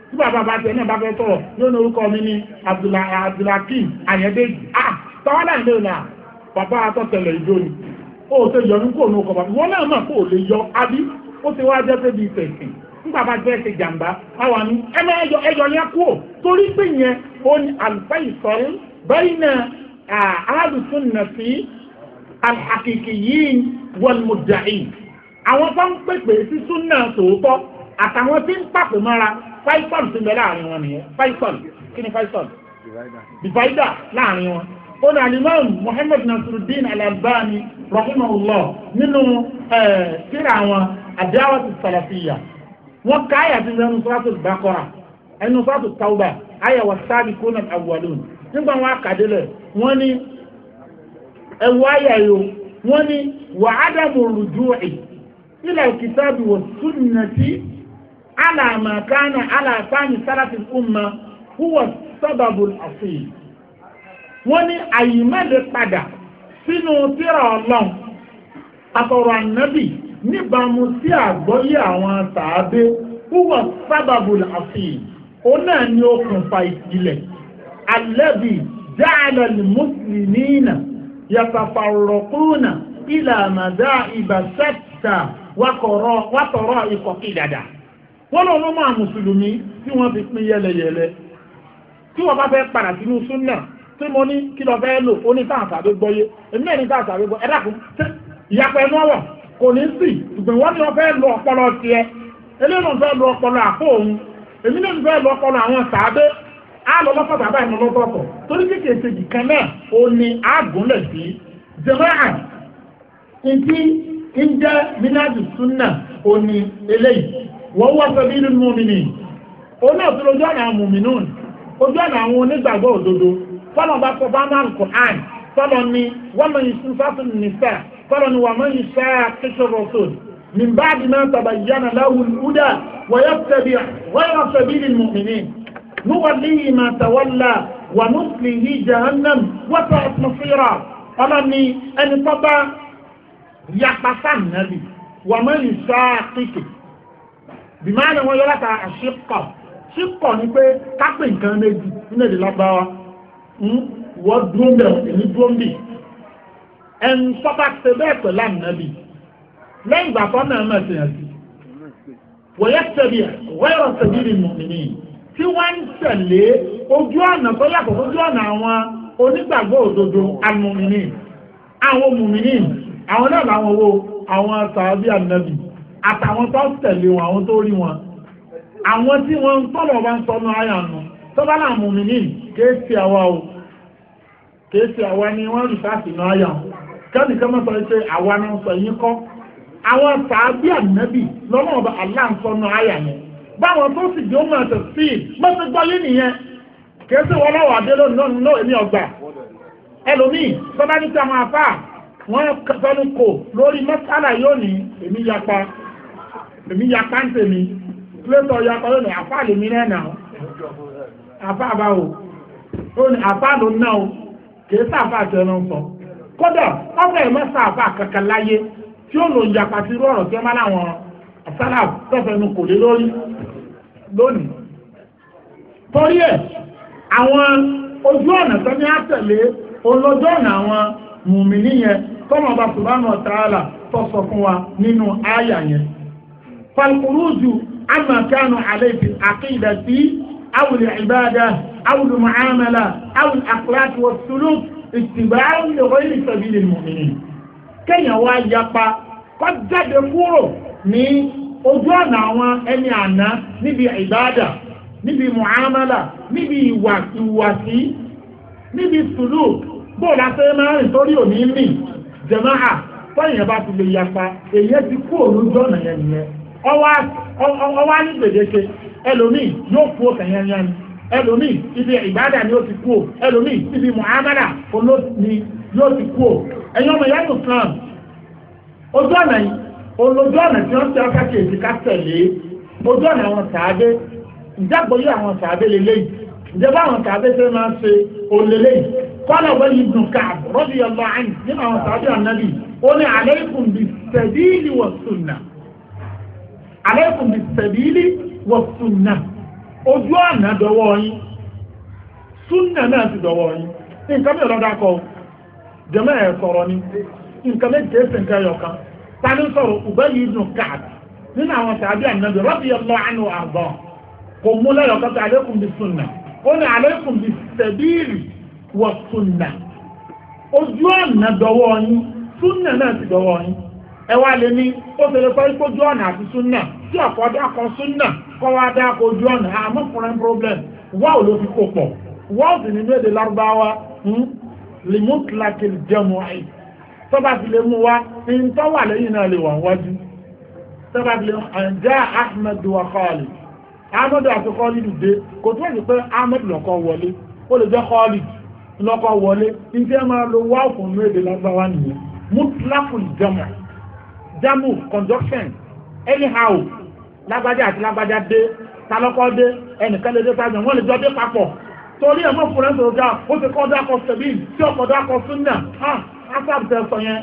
tí bàbá bá tẹ̀ náà bá fẹ́ sọ̀rọ̀ yóò ní orúkọ mi ní abdulhakeem àyàndéjì ah tọ́wọ́dà ń lè nà bàbá atọ́tẹ̀lẹ̀ ìjọ ni ó ṣe yọ ní kò ní ọkọ̀ bàbá wọn náà mọ̀ kó lè yọ abí ó ti wá jẹ́ pébi ìfẹ̀sìn nígbà bá jẹ́ ẹsẹ̀ jàǹbá àwọn àmì ẹmẹ ẹyọ ẹyọ yẹn kú ò torí pé yẹn ó ní àlùfáà ìsọ̀rí bẹ́ẹ̀ náà àádùsùn nàfi àkìkì yìí wọlmùdàì àwọn tó ń pèpè sí súnà tòótọ́ àtàwọn tí ń pàpè mọ́ra fáìsọ̀lù ti bẹ láàrin wọn nìyẹn fáìsọ̀lù kí ni fáìsọ̀lù divider láàrin wọn ọ̀nà alimọ́n Muhammad Nasiruddin Al-Albani rahimahullah nínú síra àwọn àdáwàtì sàlàfíyà wọ́n ká àyà tí wọ́n sọ́tò bàkọ́ra ẹnu sọ́tò tàwùbà àyà wà sáàbì kónà àwùwàlóhùn nígbà wọn àkàdélẹ̀ wọ́n ní ẹ̀wù àyà yòó wọ́n ní wà ádámù rùjúwì ilẹ̀ kìtàbí wọ̀ sunnati alàmàkánà alàfáàní sálàfíì umma huwa sábàbù àfihàn wọ́n ní àyìnmẹ́lẹ̀ padà sínú tírà ọlọ́run àtọ̀rọ̀ ànábì níbàámu sí àgbọ́yé àwọn sàábé wúwọ̀ sábàbù làásìí òun náà ní okùnfà ìpìlẹ̀ alẹ́bí jáàlẹ̀ mùsùlùmíìnà yàtàfàrọ̀kúnà ilà àmàdá ìbàṣẹ́ta wàtọ̀rọ̀ ìkọ̀kí dada wọ́n lọ lọ́mọ àmùsùlùmí tí wọ́n fi pín yẹlẹyẹlẹ tí wọ́n bá fẹ́ padà sínú súnà tí mo ní kí lọ fẹ́ lò ó ní tá àṣàbí gbọ́yé èmi náà ní tá àṣàbí gbọ́ ẹ dákun ìyàpọ̀ ẹnu ọ̀wọ̀ kò ní sí ṣùgbọ́n wọ́n ní wọ́n fẹ́ lo ọpọlọ tiẹ̀ eléyìí náà fẹ́ lo ọpọlọ àpò òun èmi náà fẹ́ lo ọpọlọ àwọn sàádé á lọ lọ́fọ̀ lọ́tọ̀ọ̀tọ̀ torí kékeré kejì kan náà ó ní àgúnlẹ̀ sí jẹmọ́à ìdí ojú àwọn onígbàgbọ́ òdodo tọ́lọ̀ bá fọ bámá nkùnán tọ́lọ̀ ni wọ́n mọ̀ yìí sunfàtún nìfà tọ́lọ̀ ni wọ́n mọ̀ yìí sá kíṣọ́ rọ̀tún min báàdì náà tàbá yánà láwùl údà wọ́yọ̀ sẹ́bìlì mùmìnì nuwalihi ma tawalla wa nuslihi jahannam wata atmosfera ọlọ́ni ẹni tó bá yapa sáà nàbì wà mọ́ yìí sáà kíkì bìmáà ni wọ́n yọ láta àṣìkọ̀ ṣìkọ̀ ni pé kápẹ́ nǹkan méjì nínú èdè lágbára wọ́n dúró mbẹ̀ èmi dúró mbì ẹn tọ́ba ṣe bẹ́ẹ̀ pẹ̀lú ànábì lẹ́yìn ìgbà kan náà máa ṣèyàn sí wọ́n yẹ tẹ̀lé wẹ́rọ̀ tẹ̀lé ní mọ̀mìnì tí wọ́n ń tẹ̀lé ojú ọ̀nà tó yàtọ̀ ojú ọ̀nà àwọn onígbàgbọ́ òdodo àmọ̀mìnì àwọn mọ̀mìnì àwọn náà làwọn wo àwọn sàábì ànábì àtàwọn tó ń tẹ̀lé wọn àwọn tó rí wọn àwọn tí wọ́n ń tọ́lọ̀ wọn sọnù ayànnù tọ́bálà mùmìnì kéèsì àwa o kéèsì àwa ni wọ́n rí sáàsì náà yà kẹ́nìkan mọ́ sọ pé àwa ni ń sọ yín kọ́ àwọn tàbí ànábì lọ́nà ọba aláǹsọ́nù àyà yẹn báwọn tó sì jẹ́ òun àti sí mọ́sí gbọ́lé nìyẹn kéèsì wọn lọ́wọ́ adé lónìí náà èmi ọgbà ẹlòmíì tọ́bá ní ti àwọn afá wọ́n fẹ́nu kò lórí mọ́sálà yóò ní èmi yapa èmi yapa ń tèmi plétọ̀ yapa yóò ní àfáà lèmi náà náà àfa àbá o ó ní àfa ló ná o kì í sáfà tó ẹnu sọ kódà ọ̀fẹ́ ẹ̀ mẹ́sà àfa kankan láyé tí ó lò ń yapa sí irú ọ̀rọ̀ tí ó má láwọn sálà tọ́fẹ́ nu kò lé lórí lónìí torí ẹ̀ àwọn ojú ọ̀nà tó ní àtẹ̀lé olójú ọ̀nà àwọn mùmìnì yẹn tọ́mọ̀ ọba subhanahu wa ta'ala tọ́sọ fún wa nínú àyà yẹn falkuruju amma kanu alayhi àkídà sí أو العبادة أو المعاملة أو الأخلاق والسلوك اتباع لغير سبيل المؤمنين kéèyàn wá yapa kó jáde kúrò ní ojú ọ̀nà àwọn ẹni àná níbi ìbáàdà níbi muamala níbi ìwà ìwàsí níbi sùlù bóòlù afẹ́ máa rìn torí òní mì ti yapa ọwá ní gbèdéke ẹlòmíì yóò kú òkè yẹn yẹn ẹlòmíì ibi ìbádà ni ó ti kú o ẹlòmíì ibi muhammadu olóòtú yóò ti kú o ẹ̀yin ọmọ ìyá islam ojú ọ̀nà yìí olójú ọ̀nà tí wọ́n ti ọ́ kákèéjì ká tẹ̀lé ojú ọ̀nà àwọn sàádé ìjágbóyè àwọn sàádé lélẹ́yìí ìjọba àwọn sàádé fẹ́ máa ń ṣe olélẹ́yìí kọ́lá wẹ́lì ibùn káàb rọ́bì ọlọ́ àyìn nínú àwọn sàádé ànábì ó ní alaykum bis sabili was sunnah alaykum bis-sabili was-sunnah ojú ọ̀nà dọwọ́ yín súnà náà ti dọwọ́ yín nǹkan mi ọ̀dọ́ dákọ̀ jẹ́mọ́ ẹ̀ sọ̀rọ̀ ni nǹkan méje ṣe nǹkan ẹ̀yọ̀ kan ta ni sọ̀rọ̀ Ubayy ibn Ka'b nínú àwọn sàbí ànábì radiyallahu anhu àbọ̀ kò mú lẹ́yọ̀ kan tó alaykum bis-sunnah ó ní alaykum bis-sabili was-sunnah ojú ọ̀nà dọwọ́ yín súnà náà ti dọwọ́ yín ẹ wá lè ní ó fẹlẹ fẹ kójú ọ̀nà àti súnà tí ọ̀pọ̀ dákọ súnà kọ́ wá dákọ ojú ọ̀nà àmọ́kùnrin problem wá ò ló fi kó pọ̀ wá ò sì nínú èdè lárúbáwá lèmúkìlákì jẹun àì tọ́ba ti lè mú wa ní tọ́ wà lẹ́yìn náà lè wà wájú tọ́ba ti lè mú àǹjẹ́ Ahmed wa Khalid Ahmed àti Khalid dé kò tó èyí pé Ahmed lọ́kọ́ wọlé ó lè jẹ́ Khalid lọ́kọ́ wọlé ní tí ẹ máa lo wá òfin nínú èdè lárúbáwá nìyẹn múkìlákì jẹun àì jamu conjunction anyhow lágbájá àti lágbájá dé talọ́kọ́ dé ẹnìkan lè dé sáájú wọ́n lè jọ dé papọ̀ torí ẹ̀ mọ́ fúnra sọ̀rọ̀ dá ó ti kọ́ dá kọ sẹ̀bí tí ọkọ̀ dá súnà ah asáàbù tẹ sọ yẹn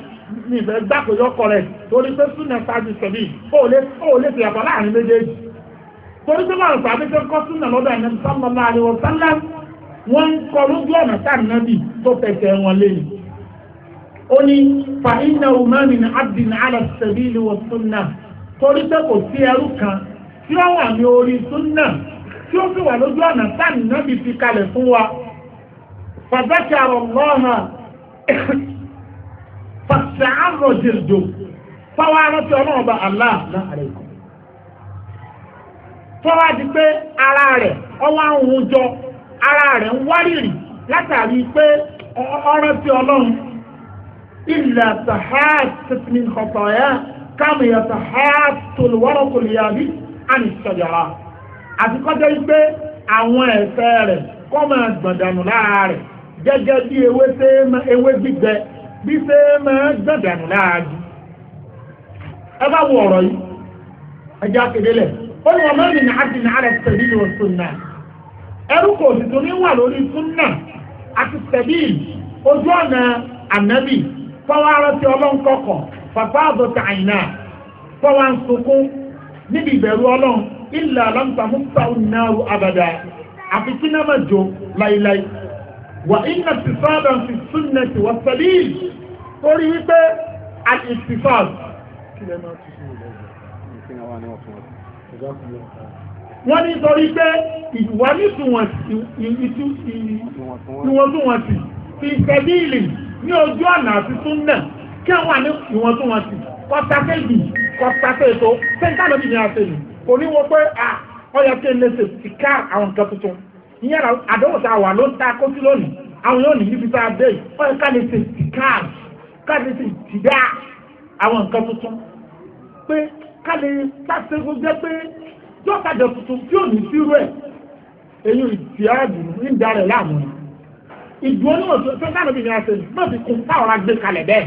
ní ìfẹ́ gbàpéjọ kọrẹ̀ torí pé súnà sáájú sẹ̀bí ó lè fi àbá láàrin méjèèjì torí pé báwọn sàbí tẹ kọ́ súnà lọ́dọ̀ ẹ̀yẹn sọ́mọ́ láàrin wọn sálá wọ́n ń kọ lójú ọ̀nà sáà nábì tó fẹsẹ̀ wọn lẹ́yìn ó ní na umami ní ala alasabili wa sunna torí pé kò sí ẹrú kan tí ó wà ní orí sunna tí ó sì wà lójú ọ̀nà fi kalẹ̀ fún wa fàdákàrọ̀ lọ́hà fàṣàárọ̀ jèrèjò fáwọn aránsẹ́ ọlọ́ọ̀bà allah láàárẹ̀ ikọ̀ fọwọ́ di pé ara rẹ̀ ọwọ́ àwọn ohun jọ ara rẹ̀ ń wárìrì látàrí pé ọ̀rọ̀ ọlọ́run إلا تحاست من خطاياه كما يتحاست الورق اليابس عن الشجرة àtikọ́jọ́ yìí pé àwọn ẹ̀fẹ́ rẹ̀ kọ́ máa gbọ̀dànù lára rẹ̀ gẹ́gẹ́ bí ewé ṣe ewé gbígbẹ bí ṣe máa gbọ̀dànù lára jù. ẹ bá wo ọ̀rọ̀ yìí ẹjẹ́ àkèdélẹ̀ ó ní wọn mẹ́rin ní àdìní àrẹ tẹ̀lé ní oṣù náà ẹrú kò sì tún ní wà lórí súnà àti tẹ̀lé ojú ọ̀nà ànábì fọwọ́ arántí ọlọ́run kọ̀kọ̀ fàfà àdọ̀tà àyìnà fọwọ́ àǹsọ̀kún níbi ìbẹ̀rù ọlọ́run ilà alámùtàmù sáwọn náírà abàdà àfi kí náà má jó láíláí wà iná tìfáàdà fi súnà tí wà sàlíì torí wípé àìsìfáàd. wọ́n ní torí pé ìwà nítorí ìwọ̀ntúnwọ̀nsì fi sàlíì ní ojú ọ̀nà àti súnà kí wọ́n wà ní ìwọ̀ntúnwọ̀nsì kọ́tàkéjì kọ́tàkéjì sẹ́ńtàlọ́ bí mi àṣẹ nì kò ní wọ́n pé ọyọ kí n lè ṣe ìka àwọn nǹkan tuntun ìyẹn àdéhùn tá a wà ló ń ta kó sí lónìí àwọn yóò ní níbi tá a dé ọyọ ká lè ṣe ìka ká lè ṣe ìtìdá àwọn nǹkan tuntun pé ká lè sáṣe gbogbo pé yóò tàjọ tuntun tí ò ní sírú ẹ̀ èyí ìtìyà ẹ̀dùn ń darẹ̀ láàmú ìdúró náà tó sábà bìí ní àṣẹ náà fi kún táwọn agbé kalẹ̀ bẹ́ẹ̀.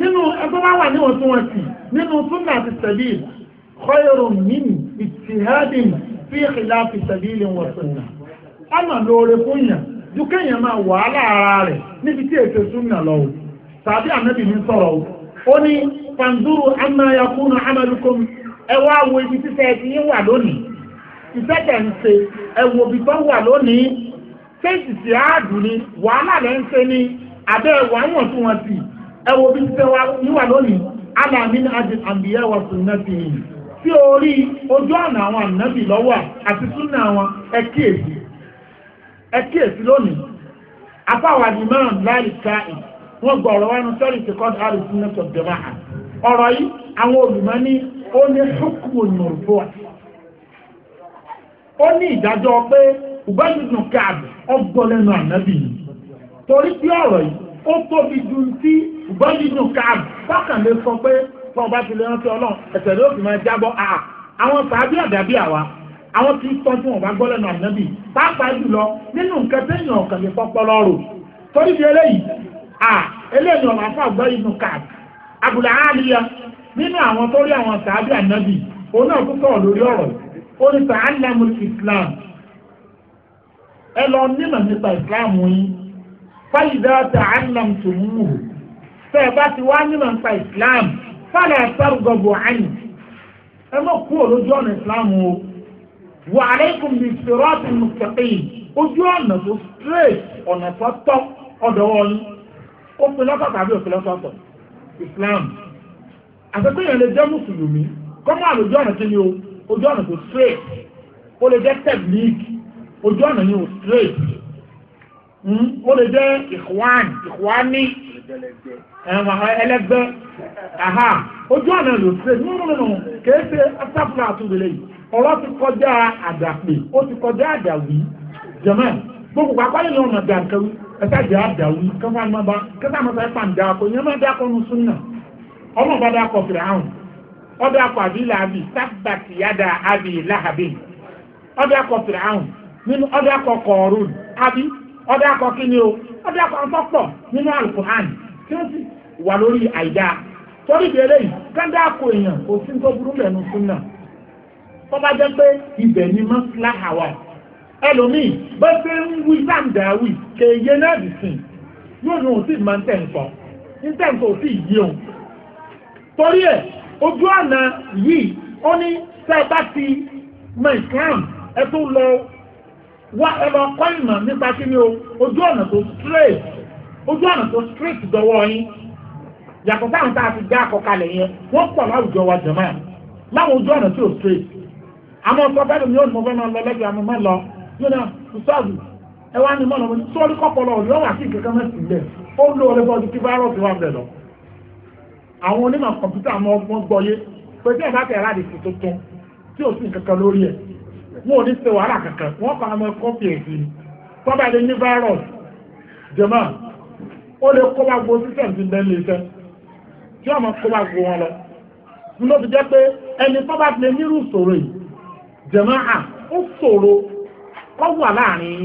nínú ẹgbẹ́ wa wà níwọ̀ntúnwọ̀nsì nínú súnà àti sẹ̀bíl khayrun min ìtìhádìn fi khilafi sẹ̀bíl wa sunna. ọmọ lóore fún yàn ju kéèyàn máa wà á lára rẹ̀ níbi tí èso súnà lọ o tàbí ànábì mi sọ̀rọ̀ o. ó ní fanzuru amma yakunu ẹ wá wo ibi títẹ̀ ẹ ti yín wà lónìí iṣẹ́ tẹ̀ ń ṣe ẹ̀wò òbí tó wà lónìí ṣé ìṣìṣẹ́ àádùn ni wàhálà lẹ́ ń ṣe ni àbẹ́ ẹ̀wà ìwọ̀ntúnwọ̀nsì ẹ̀wò òbí tó wà lónìí alàmì àti àbíyá wà fún náàtì yìí tí orí ojú ọ̀nà àwọn ànábì lọ́wọ́ àti súnà àwọn ẹ kíyèsí ẹ kíyèsí lónìí afáwà ni mẹ́rin láì ká ì wọ́n gbọ́ ọ̀rọ̀ wánu sọ́rí ti kọ́ àrùn fún náà ọ̀rọ̀ yìí àwọn olùmọ́ ní ó ní ṣókùn òyìnbó àti ó ní ìdájọ́ pé ìbáṣepọ̀ nù káàdì ọgbọ́lẹ́nu ànábì yìí torí pé ọ̀rọ̀ yìí ó tóbi ju ti ìbáṣepọ̀ nù káàdì fọkànlé sọ pé fún ọba ti lè rántí ọlọ́run ló fi máa jábọ́ a àwọn sàbí àdàbí àwa àwọn tí tọ́ tí wọn bá gbọ́ lẹ́nu ànábì pàápàá jùlọ nínú nǹkan tẹ́yìn ọ̀kàn lè fọpọlọ rò torí di eléyìí a eléyìí ọ̀nà àfọ àgbọ̀ inú káàdì àbùlà àlìyà nínú àwọn tó rí àwọn sàbí ànábì òun náà kúkọ̀ lórí ọ̀rọ̀ yìí ó ní ta'allamu islam ẹ lọ nímọ̀ nípa islam yín fáyidá ta'allamtumuhu tẹ́ ẹ bá ti wá nímọ̀ nípa islam fala targhabu anhu ẹ mọ̀ kú òrójú ọ̀nà islam o wa alaykum bis-siratil mustaqim ojú ọ̀nà tó straight ọ̀nà tó tọ́ ọ̀dọ̀ wọn ó pin lọ́tọ̀ tàbí òpin lọ́tọ̀ọ̀tọ̀ islam àti pé lè jẹ́ mùsùlùmí kọ́mọ́ àlòjù ọ̀nà kí ni o ojú ọ̀nà tó straight ó lè jẹ́ tẹ̀blík ojú ọ̀nà yìí ò straight hmm? ó lè jẹ́ ìkwán ìkwání ẹlẹ́gbẹ́ aha ojú ọ̀nà yìí straight nínú nínú kìí ṣe after àtúndélé yìí ọ̀rọ̀ ti kọjá àdàpè ó ti kọjá àdàwí jẹ̀mẹ́ gbogbo pàápàá lè lọ́nà dàkẹ́wì ẹ̀ka jẹ́ àdàwí kẹfà mọ́ba kẹfà mọ́ba ẹ̀fà ń dàkọ ìyẹn má dàkọ nù súnà ọmọ bá dàkọ fìlà áhùn ọbẹ̀ akọ àbílà abi sábàtì akọ fìràhùn nínú ọbẹ̀ akọ kọ̀ọ̀rùn àbí akọ kíni o akọ ọ̀tọ̀pọ̀ nínú alukuhan tí wà lórí àìdá torí ìbéèrè yìí káńdé akọ èèyàn kò sí tó burú fún náà pé ni mọ́síláhà wà ẹlòmíì ń wí ojú ọ̀nà yìí ó ní sẹ́ẹ̀bá ti mọ ẹ tó lọ wá ẹ lọ kọ́ ìmọ̀ nípa kí ni o ojú ọ̀nà tó straight ojú ọ̀nà tó straight dọwọ́ yín yàtọ̀ sáwọn tá a ti gbé àkọkalẹ̀ yẹn wọ́n pọ̀ láwùjọ wa jẹ̀mọ́ ẹ̀ láwọn ojú ọ̀nà tí ò straight àmọ́ bẹ́ẹ̀ lọ lẹ́gbẹ̀ẹ́ mọ́ lọ ẹ wá ní mọ́ lọ lọ sí ìkẹ́kẹ́ mẹ́sì lẹ̀ ó àwọn onímọ̀ kọ̀mpútà wọ́n gbọ́yé pé tí ẹ̀bá tẹ̀ra àdìsí tuntun tí ò sí kankan lórí ẹ̀ wọn ò ní ṣe wàhálà kankan wọ́n kọ́ àwọn kọ́pì ẹ̀sì tọ́ba ilé ní virus jẹ̀mọ́ ó lè kó bá gbo system ti bẹ́ẹ̀ lè fẹ́ tí ọmọ kó bá gbo wọn lọ ló fi jẹ́ pé ẹni tọ́ba ti lè nírú ìṣòro yìí jẹ̀mọ́ à ó ṣòro kọ́ wà láàrin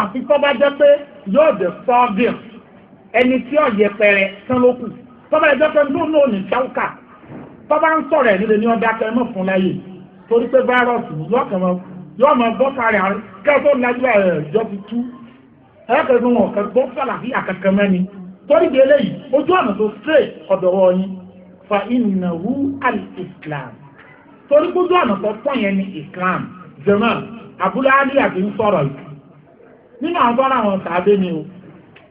àfi tọ́ba jẹ́ pé yóò jẹ́ sọ́ọ̀dìrì ẹni tí ọ̀yẹ̀ pẹrẹ tán ló kù tọ́ba ẹjọ́ tó ń dún náà ní ṣáúkà tọ́ba ń sọ̀rọ̀ ẹ̀ nílé ní ọjà kẹ́ mọ̀ fún láyè torí pé fáírọ́ọ̀sì yóò mọ bọ́ kárí àrùn kẹ́ tó lajú ẹ̀ jọ ti tú ẹ̀kẹ́ tó wọn kẹ́ tó fàlàfí àkàkẹ́ mẹ́ni torí bí eléyìí ojú ọ̀nà tó straight ọ̀dọ̀wọ́ yín fa ìnáwó al-Islam torí gbójú ọ̀nà tó pọ̀ yẹn Islam jẹ̀mọ́ abúlé alẹ́ àti ń sọ̀rọ̀ yìí nínú àwọn tọ́ra àwọn tàbí ni o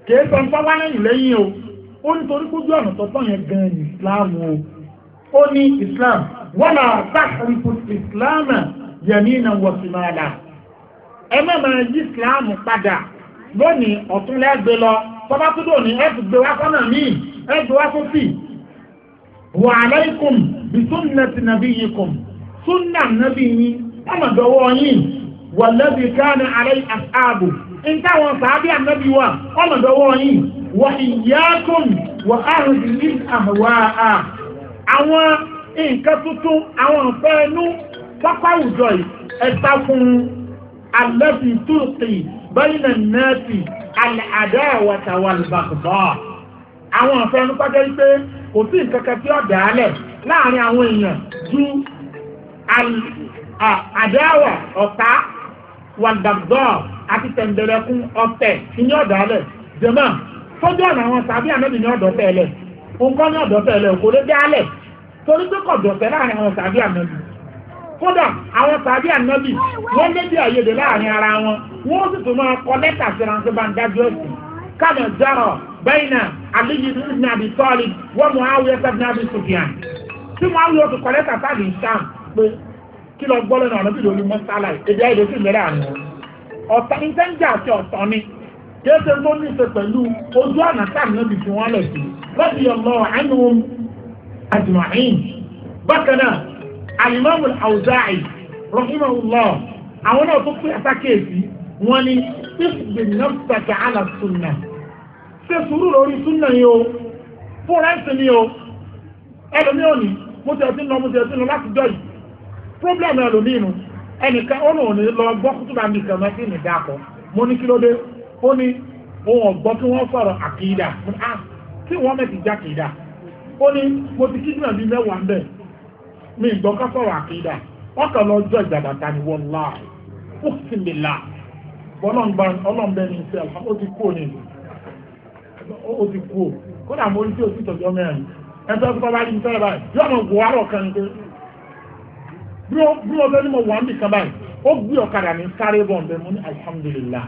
kìí sọ nípa wá lẹ́yìn lẹ́yìn o ó ní torí kójú ọ̀nà tọ́tọ́ yẹn gan ni islam o ó ní islam wala tahrifu islam yamina wa shimala ẹ má máa yí islam padà lónìí ọ̀tún lẹ́gbẹ́ lọ tọ́ba tó dòní ẹ ti gbé wá sọ́nà míì ẹ gbé wá sósì wa alaykum bi sunnati nabiyikum sunna nabi yín ọmọdọ̀wọ́ yín wallazi kana alẹ́ àṣàbù nǹkan àwọn sàábí ànábì wa ọmọdọ́wọ́ yìí wà ìyáàkùn wà áhùndínlí àmọ́wá a. àwọn nǹkan tuntun àwọn nǹkan ẹnu pápá àwùjọ yìí ẹ̀ta fún alẹ́bí tùrùkì bẹ́yìnà nẹ́ẹ̀tì àdá àwàtà wà lùbàkùbọ̀. àwọn nǹkan ẹnu pátá yìí pé kò sí nǹkan kan tí ó dà á lẹ̀ láàrin àwọn èèyàn ju àdáwà ọ̀tá wàdàgbọ́ọ̀ àti tẹ̀m̀bẹ̀lẹ̀kún ọ̀tẹ̀ ní ọ̀dọ̀ alẹ̀ jẹ̀mọ́ sójú ọ̀nà àwọn tàbí ànábì ní ọ̀dọ̀ tẹ̀lẹ̀ nǹkan ní ọ̀dọ̀ tẹ̀lẹ̀ kò lè dé alẹ̀ torí pé kò dọ̀tẹ̀ láàrin àwọn tàbí ànábì kódà àwọn tàbí ànábì wọ́n lé bí àyèdè láàrin ara wọn wọ́n sì tún máa kọ lẹ́tà sí ránṣẹ́ bá ń dájú ẹ̀sìn kánà jọrọ bẹ́ẹ̀nà àlejò ibn Abi Talib wọ́n mú àwọn ẹ̀sẹ̀ ibn Abi Sufyan tí wọ́n á lọ́ọ́ tún kọ ọ̀tá ìtẹ́ǹjà àti ọ̀tọ̀ ni kéèké ló ní ṣe pẹ̀lú ojú ọ̀nà táàmì náà ti fi wọ́n lọ sí lọ́dí ọ̀lọ́ ẹnu àjùmọ̀hìn bákan náà alimami awuzaayi rahimahullah àwọn náà tó pé àtàkéèsì wọn ni fífi nọ́ọ̀sàkà àlà sunna ṣe sùúrù lórí sunna yìí o fúnra ni o ẹlòmíì ò ní mo ti ẹ̀sìn mo ti ẹ̀sìn lọ láti jọ yìí problem ẹlòmíì ẹnìkan ó lòun ní lọ gbọ́ kútùbà mi kàn mọ́ sí mo ní kí ló dé ó ní òun ọ̀gbọ́ kí wọ́n sọ̀rọ̀ àkìdá ah, kí wọ́n mẹ́tì já ó ní mo ti kí jìnnà mẹ́wàá ń mi gbọ́ ká sọ̀rọ̀ àkìdá ọkàn lọ jọ ni wọ́n ó sì mi láàyè ọlọ́mbẹ́ni ti kú òní ó ti kú kódà bí ọbẹ̀ ni mo wà níbi kan báyìí ó gbé ọ̀kadà ní sáré bọ̀ ǹbẹ̀ mo ní alhamdulillah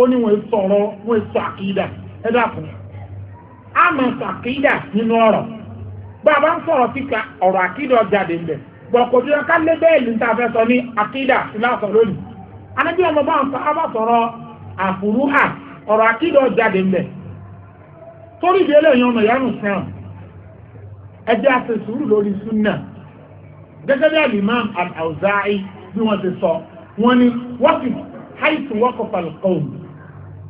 ó ní wọ́n sọ̀rọ̀ wọ́n sọ àkídà ẹ dákun á sọ nínú ọ̀rọ̀ a ń sọ̀rọ̀ síka ọ̀rọ̀ àkídà jáde ńbẹ̀ gbọ̀kọ̀dé ọ̀ká lé bẹ́ẹ̀lì níta fẹ́ sọ ní àkídà ìlàsọ̀ lónìí anábíyà mo bá ń sọ abá sọ̀rọ̀ àfùrúhà ọ̀rọ̀ jáde torí ọmọ ìyá nù sẹ́wọ̀n ẹ jẹ́ àṣẹ sùúrù lórí gẹ́gẹ́ bí alimam al-Awza'i bí wọ́n ti sọ wọ́n ní wọ́n ti haitu wọ́kọ̀ falcon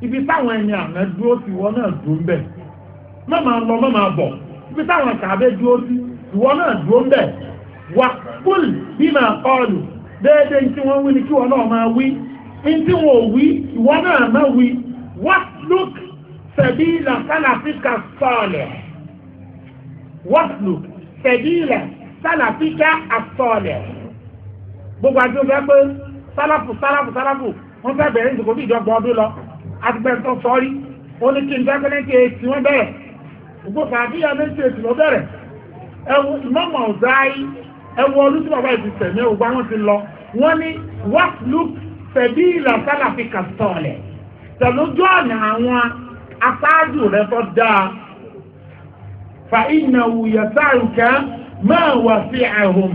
ibi táwọn ẹni àná dúró sí ìwọ náà dúró ń bẹ̀ má máa lọ má máa bọ̀ ibi táwọn kàbẹ́ dúró sí ìwọ náà dúró ń bẹ̀ wà kúl bí máa kọ́ọ̀lù déédéé ní tí wọ́n wí ni kí wọ́n náà máa wí ní wọ́n ò wí ìwọ náà máa wí what look sẹ̀bíìlà sálàfíkà sọ̀ọ̀lẹ̀ what look sẹ̀bíìlà sálàfíkà àtọ̀ọ̀lẹ̀ gbogbo àti òfin ẹgbẹ́ sálàfù sálàfù sálàfù wọ́n fẹ́ bẹ̀rẹ̀ ìdìbò bí ìjọba ọdún lọ àti bẹ̀rẹ̀ tó sọ́ọ́rí ó ní kí n fẹ́ pẹ́lẹ́ kí etí wọ́n bẹ̀rẹ̀ gbogbo fàáfíà méjì etí ló bẹ̀rẹ̀ ẹwọ ìmọ̀mọ̀ ọ̀dáyé ẹwọ olùsí bàbá ìdí tẹ̀mí ògbà wọn ti lọ wọn ní what look tẹ̀bí ìlà sálàfíkà fa ìnáwó yẹ sáà máa wà sí àhùn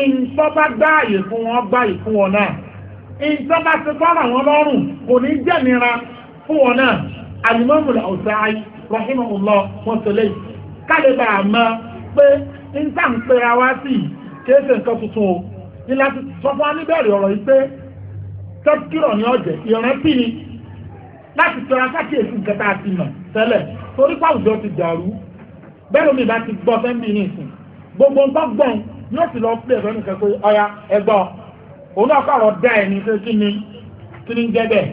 ìǹtọ́ba gbá àyè fún wọn gbá àyè fún wọn náà ìǹtọ́ba ti fara wọn lọ́rùn kò ní jẹ́nira fún wọn náà ayé ọ̀sáyí rahimahullah wọn tẹ̀lé kálíbà àmọ́ pé níta ń pera wá sí kìí ṣe nǹkan tuntun o ní láti sọ fún ọ̀rọ̀ yìí pé tẹ́kírọ̀ ni ọ̀jẹ̀ ìrántí ni láti tọ́ra sákèésí nǹkan tá a ti mọ̀ tẹ́lẹ̀ torí pàwùjọ ti dàrú bẹ́ẹ̀ lómi ìbá ti gbọ́ fẹ́ mi ní ìsìn gbogbo ń tọ́ gbọ̀n yóò sì lọ pè fẹ́ nìkan pé ọya ẹgbọ́ òun náà kọ̀rọ̀ dá ẹ̀ ní pé kí ni kí ni jẹ́ bẹ́ẹ̀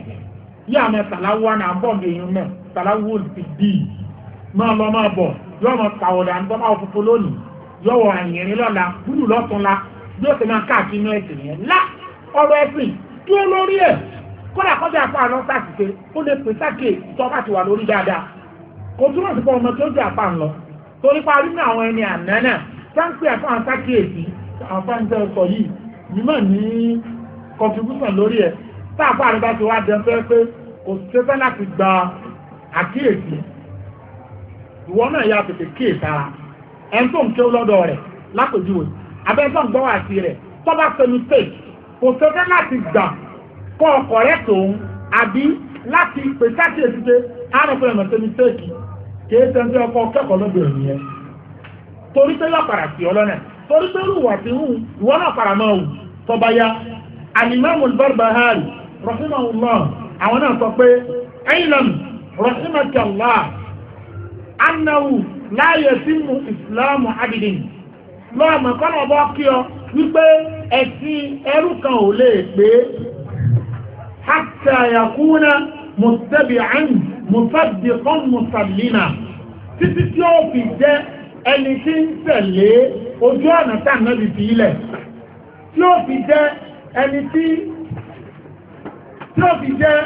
yí àmì sàláwù wà náà bọ̀ mí èèyàn mẹ́ sàláwù ti dì í máa lọ máa bọ̀ yóò mọ kàwọ̀dà ń tọ́lá òfófó lónìí yóò wọ àyìnrín lọ́la gbúdù lọ́túnla yóò sì máa káàkiri inú ẹ̀sìn yẹn lá ọ̀rọ̀ ẹ̀sìn dúró lórí ẹ̀ kódà kọjá apá àná sàkìsẹ ó lè pè sákè tó bá ti wà lórí dáadáa kò túmọ̀ sí pé ọmọ tó jẹ́ apá ńlọ torí parí ní sáńpé àfáà sákèèsí àfáǹtẹ́ ọkọ̀ yìí mímọ̀ ní contribution lórí ẹ̀ táàfáà rẹ̀ bá ti wá jẹun fẹ́ pé kò ṣetán láti gba àkíyèsí ìwọ náà yà tètè kíyèsára ẹni tó ń ké lọ́dọ̀ rẹ̀ lápèjúwe abẹ́ńtọ́ ń gbọ́ wá sí rẹ̀ tọ́ba sẹ́nu tèk kò ṣetán láti gbà kọ́ ọkọ̀ rẹ̀ tòun àbí láti pèsè àkíyèsí pé àrùn fún ẹ̀mọ̀tẹ́ni tèk kì í ṣe ń tẹ́ ọkọ̀ kẹ́kọ̀ọ́ lọ́dọ̀ ẹ̀mí yẹn torí pé yóò padà sí ọlọ́nà torí pé ìwà tí hù ìwọ náà padà máa hù tọba ya alimami Barbahari rahimahullah àwọn náà sọ pé ayinam rahimakallah annahu la yasimu islamu abidin lọ́wọ́ mọ̀ kọ́nà ọba kí ọ wípé ẹ̀sìn ẹrú kan ò lè pé hatta yakuna muttabi'an musaddiqan musallima títí tí ó fi jẹ́ ẹni tí ń tẹ̀lé ojú ọ̀nà tá ànábì fi ilẹ̀ tí ó fi jẹ́ ẹni tí tí ó fi jẹ́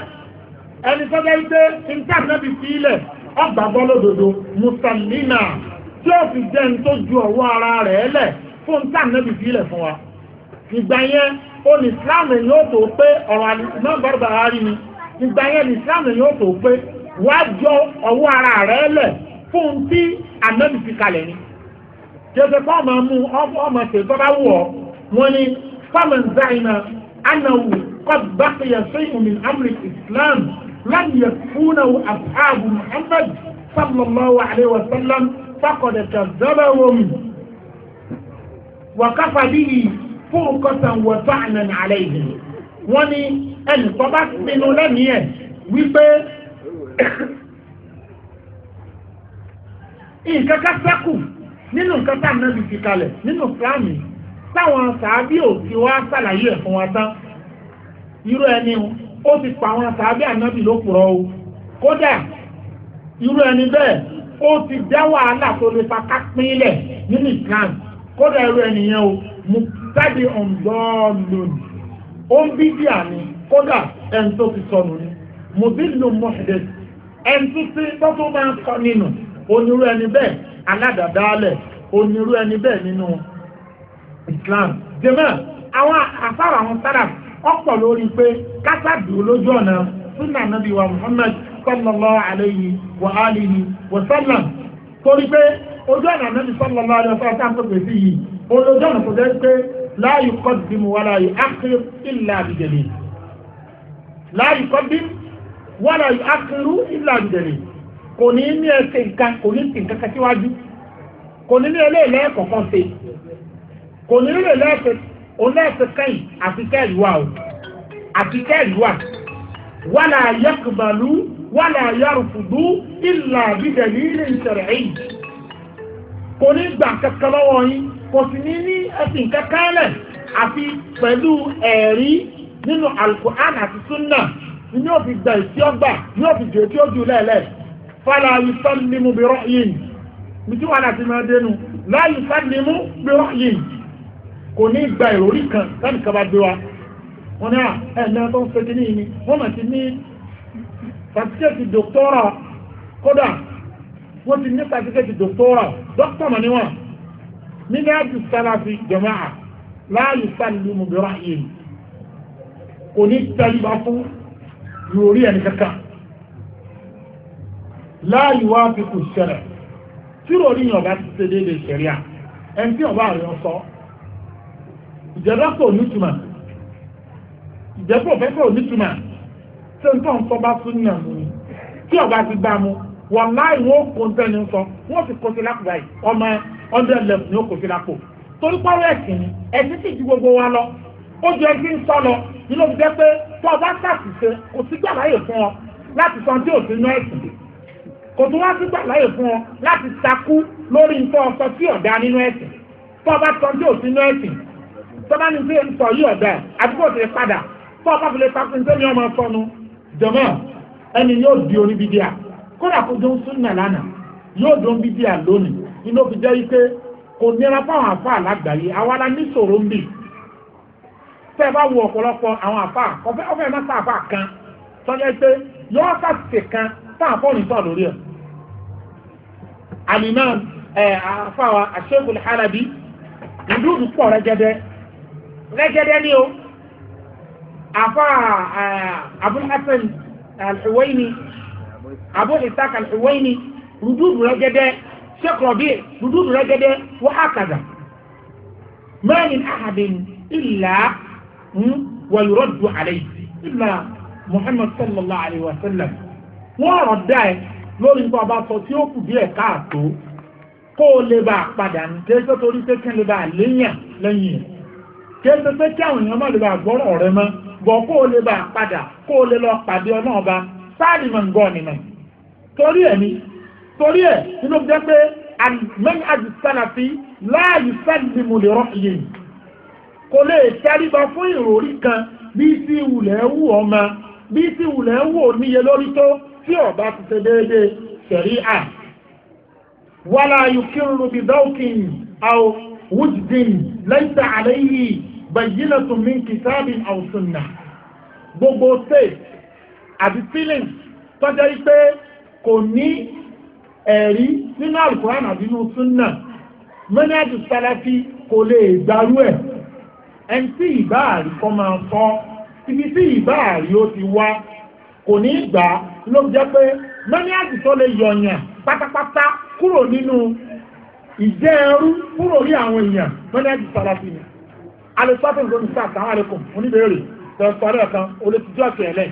ẹni tó jẹ́ pé ń tá ànábì fi ilẹ̀ ọgbàgbọ́ lódodo mùsàlínà tí ó fi jẹ́ ní tó ju ọwọ́ ara rẹ̀ lẹ̀ fún tá ànábì fi ilẹ̀ fún wa ìgbà yẹn olè islam yóò tó pé ọ̀rọ̀ àlùmọ́ bàbá rárí ìgbà yẹn ni islam yóò tó pé wájọ ọwọ́ ara rẹ̀ lẹ̀ fún tí ànábì fi kalẹ̀ ni jẹ́sẹ̀ fún ọmọ mú ọmọ ṣe bọ́bá wù ọ́ wọ́n ní fáwọn zaina anáwó kọ́bàkìyà sẹ́yìn min amri islam lan yakfunahu ashabu muhammad sallallahu alayhi wa sallam faqad kadzabahum wa kafa bihi furqatan wa ta'nan alayhi wọ́n ní ẹnì tó bá pinnu lẹ́mìí ẹ̀ wípé nǹkan ká sẹ́kù nínú nǹkan tá ànábì fi kalẹ̀ nínú fúlàmì táwọn sàábì ò ti wá sàlàyé ẹ̀ fún wa tán irú ẹni ó ti pa àwọn sàábì ànábì lópùrọ́ o kódà irú ẹni bẹ́ẹ̀ ó ti dá wàhálà tó lè fa kápínlẹ̀ nínú Islam kódà irú ẹni yẹn o mo jáde ọ̀ǹdọ́ọ̀lù ó ń bí díà ni kódà ẹni tó ti sọnù ni mo bí lò mọ̀ṣẹ̀dẹ̀ ẹni tó ti tọ́tún máa ń kọ́ nínú onírú ẹni bẹ́ẹ̀ aládàdálẹ̀ onírú ẹni bẹ́ẹ̀ nínú Islam jẹ́mọ́ àwọn àfáà àwọn sára ọ̀pọ̀ lórí pé kásádù lójú ọ̀nà súnà nàbí wa Muhammad sallallahu alayhi wa alihi wa sallam torí pé ojú ọ̀nà nàbí sallallahu alayhi wa sallam tá a pèpè sí yìí olójú ọ̀nà tó jẹ́ pé la yuqaddim wa la yu'akhkhir illa bi dalil la yuqaddim wa la yu'akhkhir illa bi kò ní ní ẹsẹ̀ nǹkan kò ní sì nǹkan kan síwájú kò ní ní eléyìí ẹ̀kọ̀ọ̀kan ṣe kò ní nílò lẹ́ẹ̀kẹ́ onílẹ̀ẹ̀kẹ́ kẹ́yìn àti kẹ́ẹ̀lúwà o àti kẹ́ẹ̀lúwà wàlà yẹ́kùbàlú wàlà yàrùfùdú ìlà bídẹ̀lì ilé ìṣẹ̀rẹ̀ yìí kò ní gbà kankan lọ́wọ́ yín kò sì ní ní ẹ̀sìn kankan lẹ̀ àfi pẹ̀lú ẹ̀rí nínú Al-Qur'an àti súnà ni yóò fi gbà ìtí ọgbà yóò fi jù ètí ó jù lẹ́ẹ̀lẹ́ẹ̀ fala yusallimu bi ra'yin bìtí wàhálà ti máa dénú la yusallimu bi ra'yin kò ní gba ìròrí kan láti kaba gbé wa wọn ní à ah, ẹ̀ẹ́dẹ́ tó ń fẹ́ kínní ni wọ́n mà ti ní sàtíkẹ́tì dòktọ́rà kódà wọ́n ti ní sàtífẹ́tì dòktọ́rà dókítà mà níwọ̀n nínú àti sàlàfi jama'a láàyè sàlì mùbírà yìí kò ní tẹ́lifà fún lórí ẹni kankan láàyè wá fi kù ṣẹlẹ̀ tí ròrí yàn bá ti ṣe déédéé ṣẹ̀ríà ẹni tí yàn bá yàn sọ ìjẹ́dá kò nítumọ̀ ìjẹ́ pòfẹ́sọ̀ nítumọ̀ ṣé n tó ń sọ bá sún yàn mú ni tí ọba ti gbá mu wọ́n láì wọ́n kó ń tẹ́ni sọ wọ́n ti kó sí lápò báyìí ọmọ ọdún ẹlẹ́mù ni ó kó sí lápò torí pọ́wọ́ ẹ̀sìn ni ẹ̀sìn sì ju gbogbo wa lọ ó ju ẹgbẹ́ ń sọ lọ nínú jẹ́ pé tó ọba ṣàṣìṣe kò sí gbàgbá yìí fún ọ láti sọ tí ò sí inú ẹ̀sìn kò tún wá sígbà láyè fún ọ láti takú lórí nǹkan ọsọ tí ọ̀dà nínú ẹ̀sìn tó o bá sọ tí ò sí nínú ẹ̀sìn tó bá ní pé ń sọ yí ọ̀dà àdúgbò tẹ padà tó o bá fi lè takú nítorí ọmọ sọnù jọmọ ẹni yóò di oníbídíà kódà kó dún súnà lánàá yóò dún bídíà lónìí inú fi jẹ́ wípé kò nira fáwọn àfáà lágbàáyé àwa la ní ṣòro ń bì tẹ́ ẹ bá wo ọ̀pọ̀lọpọ̀ àwọn àfáà ọ̀fẹ́ ọ̀fẹ́ mẹ́ta àfáà kan tọ́jú ẹ pé yọ́ọ́ sàtìkẹ́ kan táà fọ́ọ̀nì sọ̀ lórí ẹ̀ alimam àfàwà àṣẹ́kùn halabi ìdúdú pọ̀ rẹ́gẹ́dẹ́ rẹ́gẹ́dẹ́ ni o àfà abúlhassan alhuwaini abúlhassan alhuwaini rùdúdú rẹ́gẹ́dẹ́ ṣẹ́kọ̀ọ́bí rùdúdú rẹ́gẹ́dẹ́ wọ́n àkàdà mẹ́rin àhàbìn ìlà wọ̀lúrọ̀dù àlẹ́ ìlà muhammad sallallahu alayhi wa wọ́n rọ̀ dáa lórí nǹkan ọba sọ tí ó kù díẹ̀ káàtó kó o lè bá a padà ní kéèké torí pé kí n lè bá a léyàn lẹ́yìn ẹ̀ kéèké pé kí àwọn èèyàn má lè bá a gbọ́rọ̀ rẹ mọ́ bọ̀ kó o lè bá a padà kó o lè lọ pàdé ọ náà ba sáàdì mọ̀ nǹkan ọ̀nìmọ̀ torí ẹ̀ ni torí ẹ̀ inú jẹ́ pé mẹ́yìn àti sálàfí láàyè sáàdì mo lè rọ́ iye yìí kò lè tẹ́ríba fún ìròrí kan bí tí ìwùlẹ̀ wù ọmọ bí tí ìwùlẹ̀ wù ò lórí tó tí ọba ti ṣe déédéé ṣẹ̀ríà wàlá yukiru bidawkin aw wujdin laysa alayhi bayyinatun min kitabin aw sunnah gbogbo tape àti feelings tọ́jà yìí pé kò ní ẹ̀rí nínú alukuran àti nínú sunna mẹ́nàjù sálàfí kò lè gbarú ẹ̀ ẹni tí ìbáàrí kọ́ máa sọ ibi tí ìbáàrí ó ti wá kò ní í gbà á ló jẹ́ pé mẹ́níàjì tó lè yọ̀yàn pátápátá kúrò nínú ìjẹ́ ẹrú kúrò rí àwọn èèyàn mẹ́níàjì sàlàfì ni alẹ́sọ́tò lórí sáà sáà àlékún oníbèrè tẹ̀sọ̀rọ̀ ẹ̀kan olótìjọ́ kẹ̀lẹ́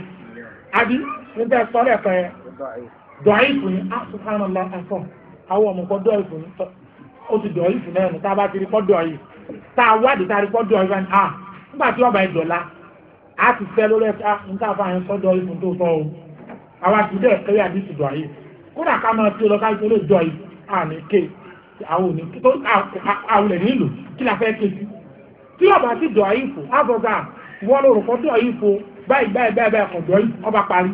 àbí ní tẹ̀sọ̀rọ̀ ẹ̀kan yẹn dọ̀ọ́yì fún yín asùnkánàlá ah, ẹ̀fọ́ àwọn ọmọkọ dọ̀ọ́yì fún yín ó ti dọ̀ọ́yì fún náà a ti fẹ́ lórí ẹ̀ka nǹkan àfààní sọ́dọ̀ ìfún tó sọ o àwa ti dẹ̀ kẹ́rì àdìsí dọ̀ ayé kódà ká máa fi lọ́ka ìṣòro ìjọ yìí àmì ké àwọn òní tó àwọn ẹ̀ nílò kí la fẹ́ ké sí tí ọba ti dọ̀ ayé fò àbọ̀gà wọ́n lóru kọ́ dọ̀ ayé fò báyìí báyìí báyìí báyìí ọ̀dọ́ yìí ọba parí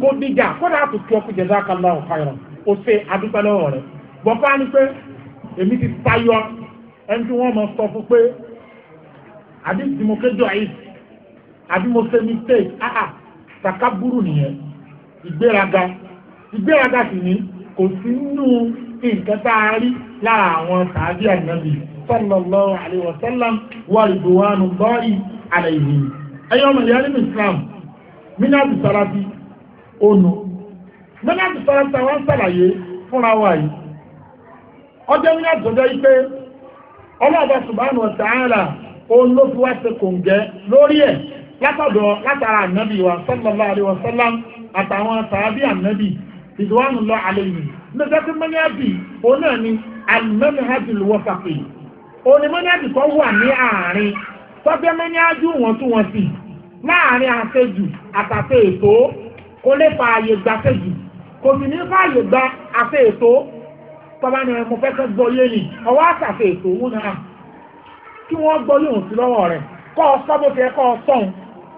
kó díjà kódà tó tu ọkùn jẹ̀dá kan lọ́wọ́ fáyọ̀ ó ṣe adúpẹ́ lọ́wọ́ rẹ̀ bọ́kọ́ á ní pé èmi ti tayọ ẹni tí wọ́n mọ̀ sọ fún pé àdìsí mo kéjọ àbí mo ṣe mistake áà takaburu nìyẹn ìgbéraga ìgbéraga sì ni kò sí nínú nǹkan tá a rí lára àwọn sàájú ànábì sallallahu alaihi wasallam wa ridwanullahi alaihi ẹyọ ọmọ ìyá nínú islam mínàbù sàlàbí ònù mínàbù sàlàbí àwọn sàlàyé fúnra wa yìí ọjọ́ mínàbù sọjọ́ yìí pé ọlọ́ọ̀bá subhanahu wa ta'ala òun ló fi wá ṣe kòǹgẹ́ lórí ẹ̀ látọ̀dọ̀ látara ànábì wa sallallahu alaihi wa sallam àtàwọn sàábì ànábì ridwanullahi alaihim nígbà tí mọ́nyáàbì òun náà ni alimẹ́nìhàbì lùwọ́sàkì òun ni mọ́nyáàbì kan wà ní àárín tọ́jọ́ mọ́nyáàbì wọ̀ntúnwọ̀nsì láàrin àṣejù àtàṣe ètò kò lè fa àyè gba àṣejù kò sì ní fa àyè gba àṣe ètò tọ́ba ni mo fẹ́ kẹ́ gbọ́ yé ni ọwọ́ àṣàṣe ètò òun náà kí wọ́n gbọ́ yóò sí lọ́wọ́ rẹ̀ kọ́ ọ sọ́ bó ti yẹ kọ́ ọ sọ́hun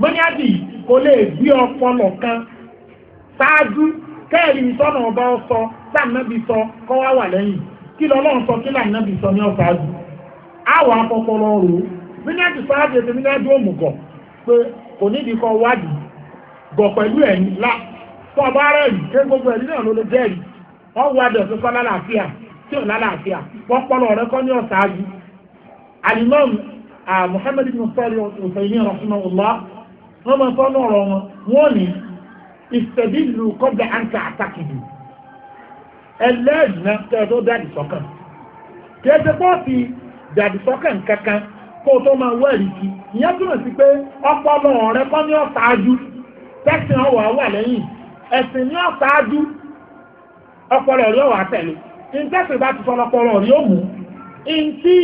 mọ́nyádì kò lè gbé ọpọlọ kan ṣáájú kẹ́ẹ̀rì sọ́nà ọba ọsọ sáànàbì sọ kọ́ wá wà lẹ́yìn kí lọ́lọ́run sọ kí lànàbì sọ ní ọ̀ṣáájú àwọn akọkọrọ rò mọ́nyádì ṣáájú ẹsẹ̀ mọ́nyádì òmùgọ̀ pé kò nídìí kọ́ wádìí gọ̀ pẹ̀lú ẹ̀yìn lá fún ọba rẹ̀ rí ké gbogbo ẹ̀rí náà ló lè jẹ́rìí wọ́n wá dẹ̀ tó kọ́ lálàáfíà tí ò lálàáfíà wọ́n pọ́lọ̀ rẹ kọ́ ní ọ̀ṣáájú alimọ́ọ̀mù ah, Muhammad ibn sọ́ọ̀lì ọ̀sẹ̀ yìí rahimahullah wọ́n máa sọ́nà ọ̀rọ̀ wọn wọ́n ní ìfẹ̀dílù kọ́bẹ̀ àǹkà àtàkìdì ẹlẹ́ẹ̀dínà tẹ́ẹ̀tọ́ dàdì sọ́kàn kẹ́ẹ̀tẹ́ pọ́ fi dàdì sọ́kàn kankan kó tó máa wẹ́rì sí ìyẹn túnmọ̀ sí pé ọpọlọ ọ̀rẹ́ kọ́ ní ọ̀sáájú tẹ́sán ọ̀wà wà lẹ́yìn ẹ̀sìn ní ọ̀sáájú ọpọlọ rí ọ̀wà tẹ̀lé ìtẹ́sìn bá ti sọ ọpọlọ rí òmù ìntí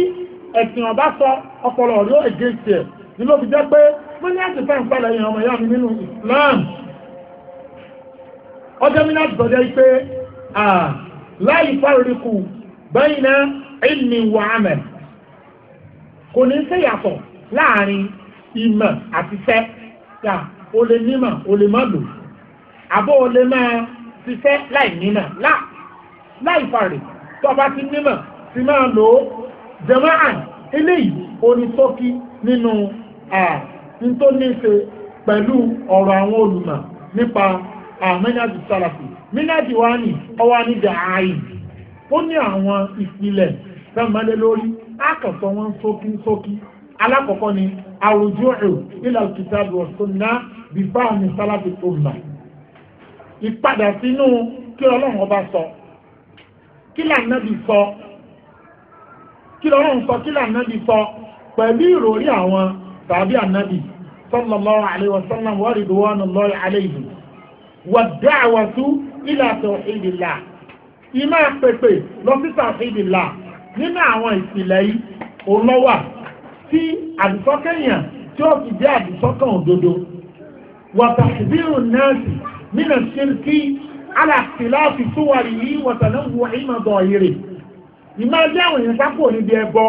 ẹ̀sìn ọ̀bá sọ ọpọlọ rí òjèṣẹ̀ ni ló fi jẹ́ pé wọ́n ní àti fẹ́ǹ pẹ́lẹ̀ yẹn ọmọ yàmí nínú Islam ọjọ́ mi láti sọ̀dẹ́ pé láì fárikù bẹ́yìn náà ẹni wà ámẹ̀ kò ní sí yàtọ̀ láàrin ìmọ̀ àti fẹ́ yà o lè nímọ̀ o lè má lò àbọ̀ o lè máa ṣiṣẹ́ láì nímọ̀ láì fárikù tó ti nímọ̀ ti máa lò ó àn eléyìí oní nínú ní tó ní ṣe pẹ̀lú ọ̀rọ̀ àwọn olùmọ̀ nípa àmẹ́nàdì sálàfì mínàdì wá ní ọwá ní dàáì ó ní àwọn ìpìlẹ̀ fẹ́mọ́lé lórí àkàtọ̀ wọn sókí sókí alákọ̀ọ́kọ́ ni àwùjọ ila al-kitab wa sunnah bi fahmi sálàfì tó mà ìpadà sínú kí ọlọ́run ọba sọ kí lànàbì sọ kí lọ́run sọ kí lànàbì sọ pẹ̀lú ìròrí àwọn tàbí ànábì sallallahu alayhi wa sallam wa ridwanullahi alayhim wa da'watu ila tawhidillah ìmọ̀ pèpè lọ sí tawhidillah nínú àwọn ìpìlẹ̀ yìí òun lọ wà tí àdìsọ́kẹ́ yẹn tí ó fi jẹ́ àdìsọ́kàn òdodo wa tahdhirun nasi min ash-shirki ala ikhtilafi suwarihi wa tanawwu'i madahirihi ìmọ̀ ẹgbẹ́ àwọn èèyàn sápò níbi ẹbọ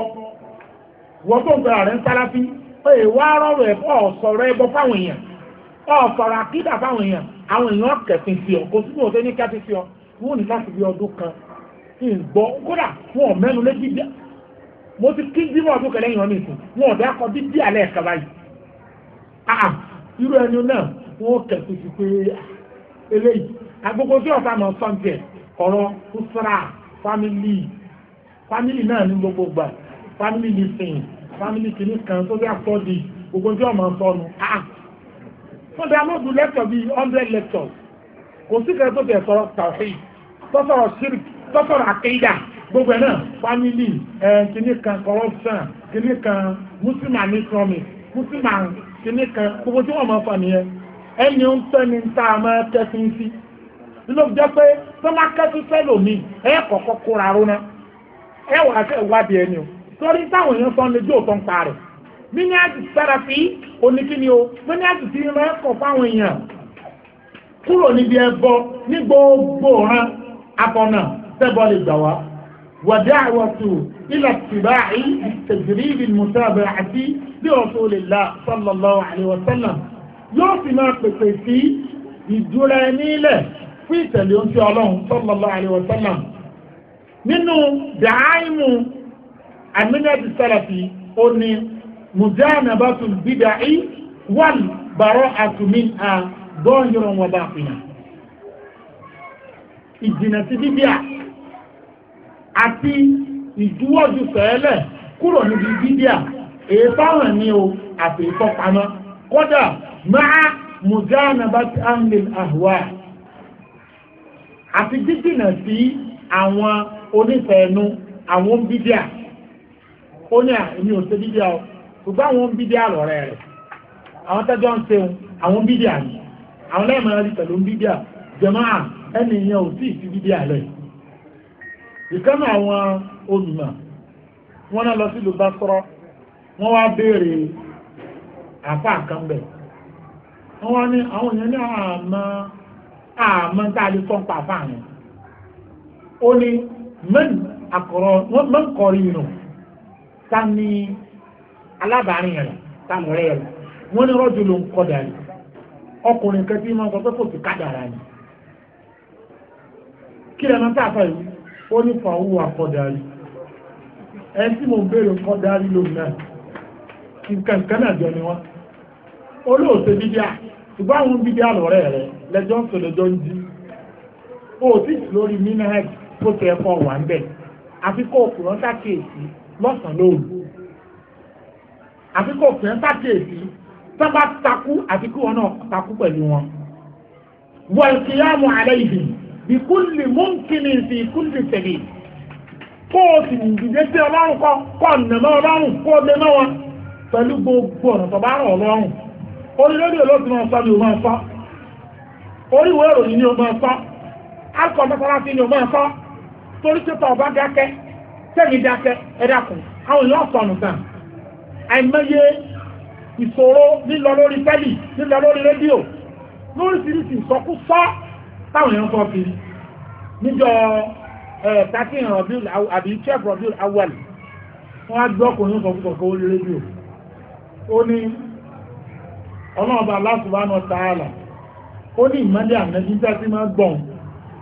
wọ́n tó ń gbọ́ra rẹ̀ èèwọ̀ arọ́rọ̀ ẹ̀ fọ́ ọ̀sọ̀rọ̀ ẹbọ fáwọn èèyàn ọ̀sọ̀rọ̀ àkídà fáwọn èèyàn àwọn èèyàn kẹfìn sí ọ kò síbi òṣèlú ní kẹfìn sí ọ wọn ò ní láti fi ọdún kan ìgbọ́ kódà wọn ò mẹ́nu lé dídí mo ti kí dímọ̀ ọdún kẹlẹ́ yìí wọn nìkan wọn ò dá kọ dídí alẹ́ ẹ̀ka báyìí ah irú ẹni náà wọn kẹfìn sí pé ah, eléyìí agbogbo tí ọ̀sán mọ̀ sọ́ǹtẹ̀ ọ̀rọ̀ fúsra fámìlì fámìlì náà ní gbogbo gbà fámìlì nìsín family kìíní kan tó yà sọ di gbogbo tí ọmọ sọnù ah wọ́n dá lóògùn lecture bíi hundred lectures kò sí kan tó tẹ̀ sọ̀rọ̀ tàwí tó sọ̀rọ̀ shirk tó sọ̀rọ̀ àkéyà gbogbo ẹ̀ náà family ẹ̀ kìíní kan corruption kìíní kan muslim and islamic muslim and kìíní kan gbogbo tí wọ́n mọ̀ fà nìyẹn ẹni ń tẹ́ni tá a máa kẹ́sìn sí ló jẹ́ pé tó máa kẹ́sìn sẹ́lòmíì ẹ̀ kọ̀ọ̀kọ́ kóra ró náà wà á fẹ́ wádìí ẹni o sọ́rí táwọn èèyàn sọ lójú òtọ́ ń pa rẹ̀ míníàtì sẹ́rafì oníkíni o míníàtì ti rán ẹ̀kọ́ fáwọn èèyàn kúrò níbi ẹbọ ní gbogbo ọ̀ràn abọ́nà tẹ́bọ̀ lè gbà wá ودعوة إلى اتباع التجريب المتابعة لرسول الله صلى الله عليه وسلم yóò fi máa pèpè sí ìdúrà ẹni ilẹ̀ fún ìtẹ̀lé oúnjẹ ọlọ́run sallallahu alaihi wa sallam nínú dàáìmù àmìnàjì sálàfì ó ní mùjáànàbàtún bídàí wal bara'atu minha zahiran wa batinan ìjìnà sí bíbíà àti ìdúwọ́jú sẹ́ẹ̀lẹ̀ kúrò níbi bíbíà èyí fáwọn ní o àti ìfọ́pamọ́ kódà máa mùjáànàbàtí anlil ahwa àti jíjìnà sí àwọn onífẹ̀ẹ́nu àwọn bíbíà ó ní àmì ah, òṣè bídíà o gbogbo àwọn bídíà lọ́rẹ́ rẹ̀ àwọn tẹ́jọ́ ń seun àwọn bídíà ni àwọn lẹ́ẹ̀mọ́ rí pẹ̀lú bídíà jàmáà ah, ẹni yẹn ò sí ìfi bídíà lẹ̀ ìkànnì àwọn olùmọ̀ wọ́n náà lọ sí ìlú Basra wọ́n wá béèrè àfà kan bẹ̀ wọ́n wá ní àwọn èèyàn ní àmọ́ àmọ́ tá a lè fọ́n pa àfà yẹn ó ní mẹ́n àkọ́rọ́ mẹ́n kọrin nù. ta ni rẹ̀ táwọn rẹ̀ wọ́n ní rọ́jò ló ń kọ́dà rẹ̀ ọkùnrin kan tí wọ́n sọ kò sí kí lẹ́nu tá a fẹ́ yìí ó ní àkọ́dà rẹ̀ tí mo béèrè kọ́dà rẹ̀ náà náà ni wọ́n olóòtú bíbí ṣùgbọ́n àwọn bíbí àlọ́rẹ́ rẹ̀ lẹ́jọ́ ń sọ̀lẹ́jọ́ ń lọ́sàn-án lóru àfi kò fẹ́ sàkíyèsí tó bá takú àfi kí wọn náà takú pẹ̀lú wọn. wọ̀lùkìyàmù alẹ́ ìdè ìkúlì múnkìlì sí ìkúlì tẹ̀lé kó o sì dìde sí ọlọ́run kọ́ kọ́ ọ̀nàmọ́ ọlọ́run kó o lé mọ́ wọn pẹ̀lú gbogbo ọ̀nà tó bá rọ̀ ọlọ́run orí lórí olóòtú máa sọ ni o máa sọ orí ìwé ìròyìn ni o máa sọ akọ̀ mọ́sálásí ni o máa sọ torí pé ọ̀bá dákẹ́ kẹ́yìn dákẹ́ ẹ àwọn èèyàn sọnù gan àìmọye ìṣòro lílọ lórí tẹ́lì lílọ lórí rédíò lóríṣiríṣi ìsọkúsọ táwọn èèyàn sọ kiri níjọ thirteen rọbìl àbí twelve rọbìl awal wọn á gbé ọkùnrin sọkúsọ kó lórí rédíò ó ní ọlọ́ọ̀bà aláṣùbánu tààlà ó ní ìmọ́lẹ̀ àmẹ́bí tí a ti máa gbọ̀n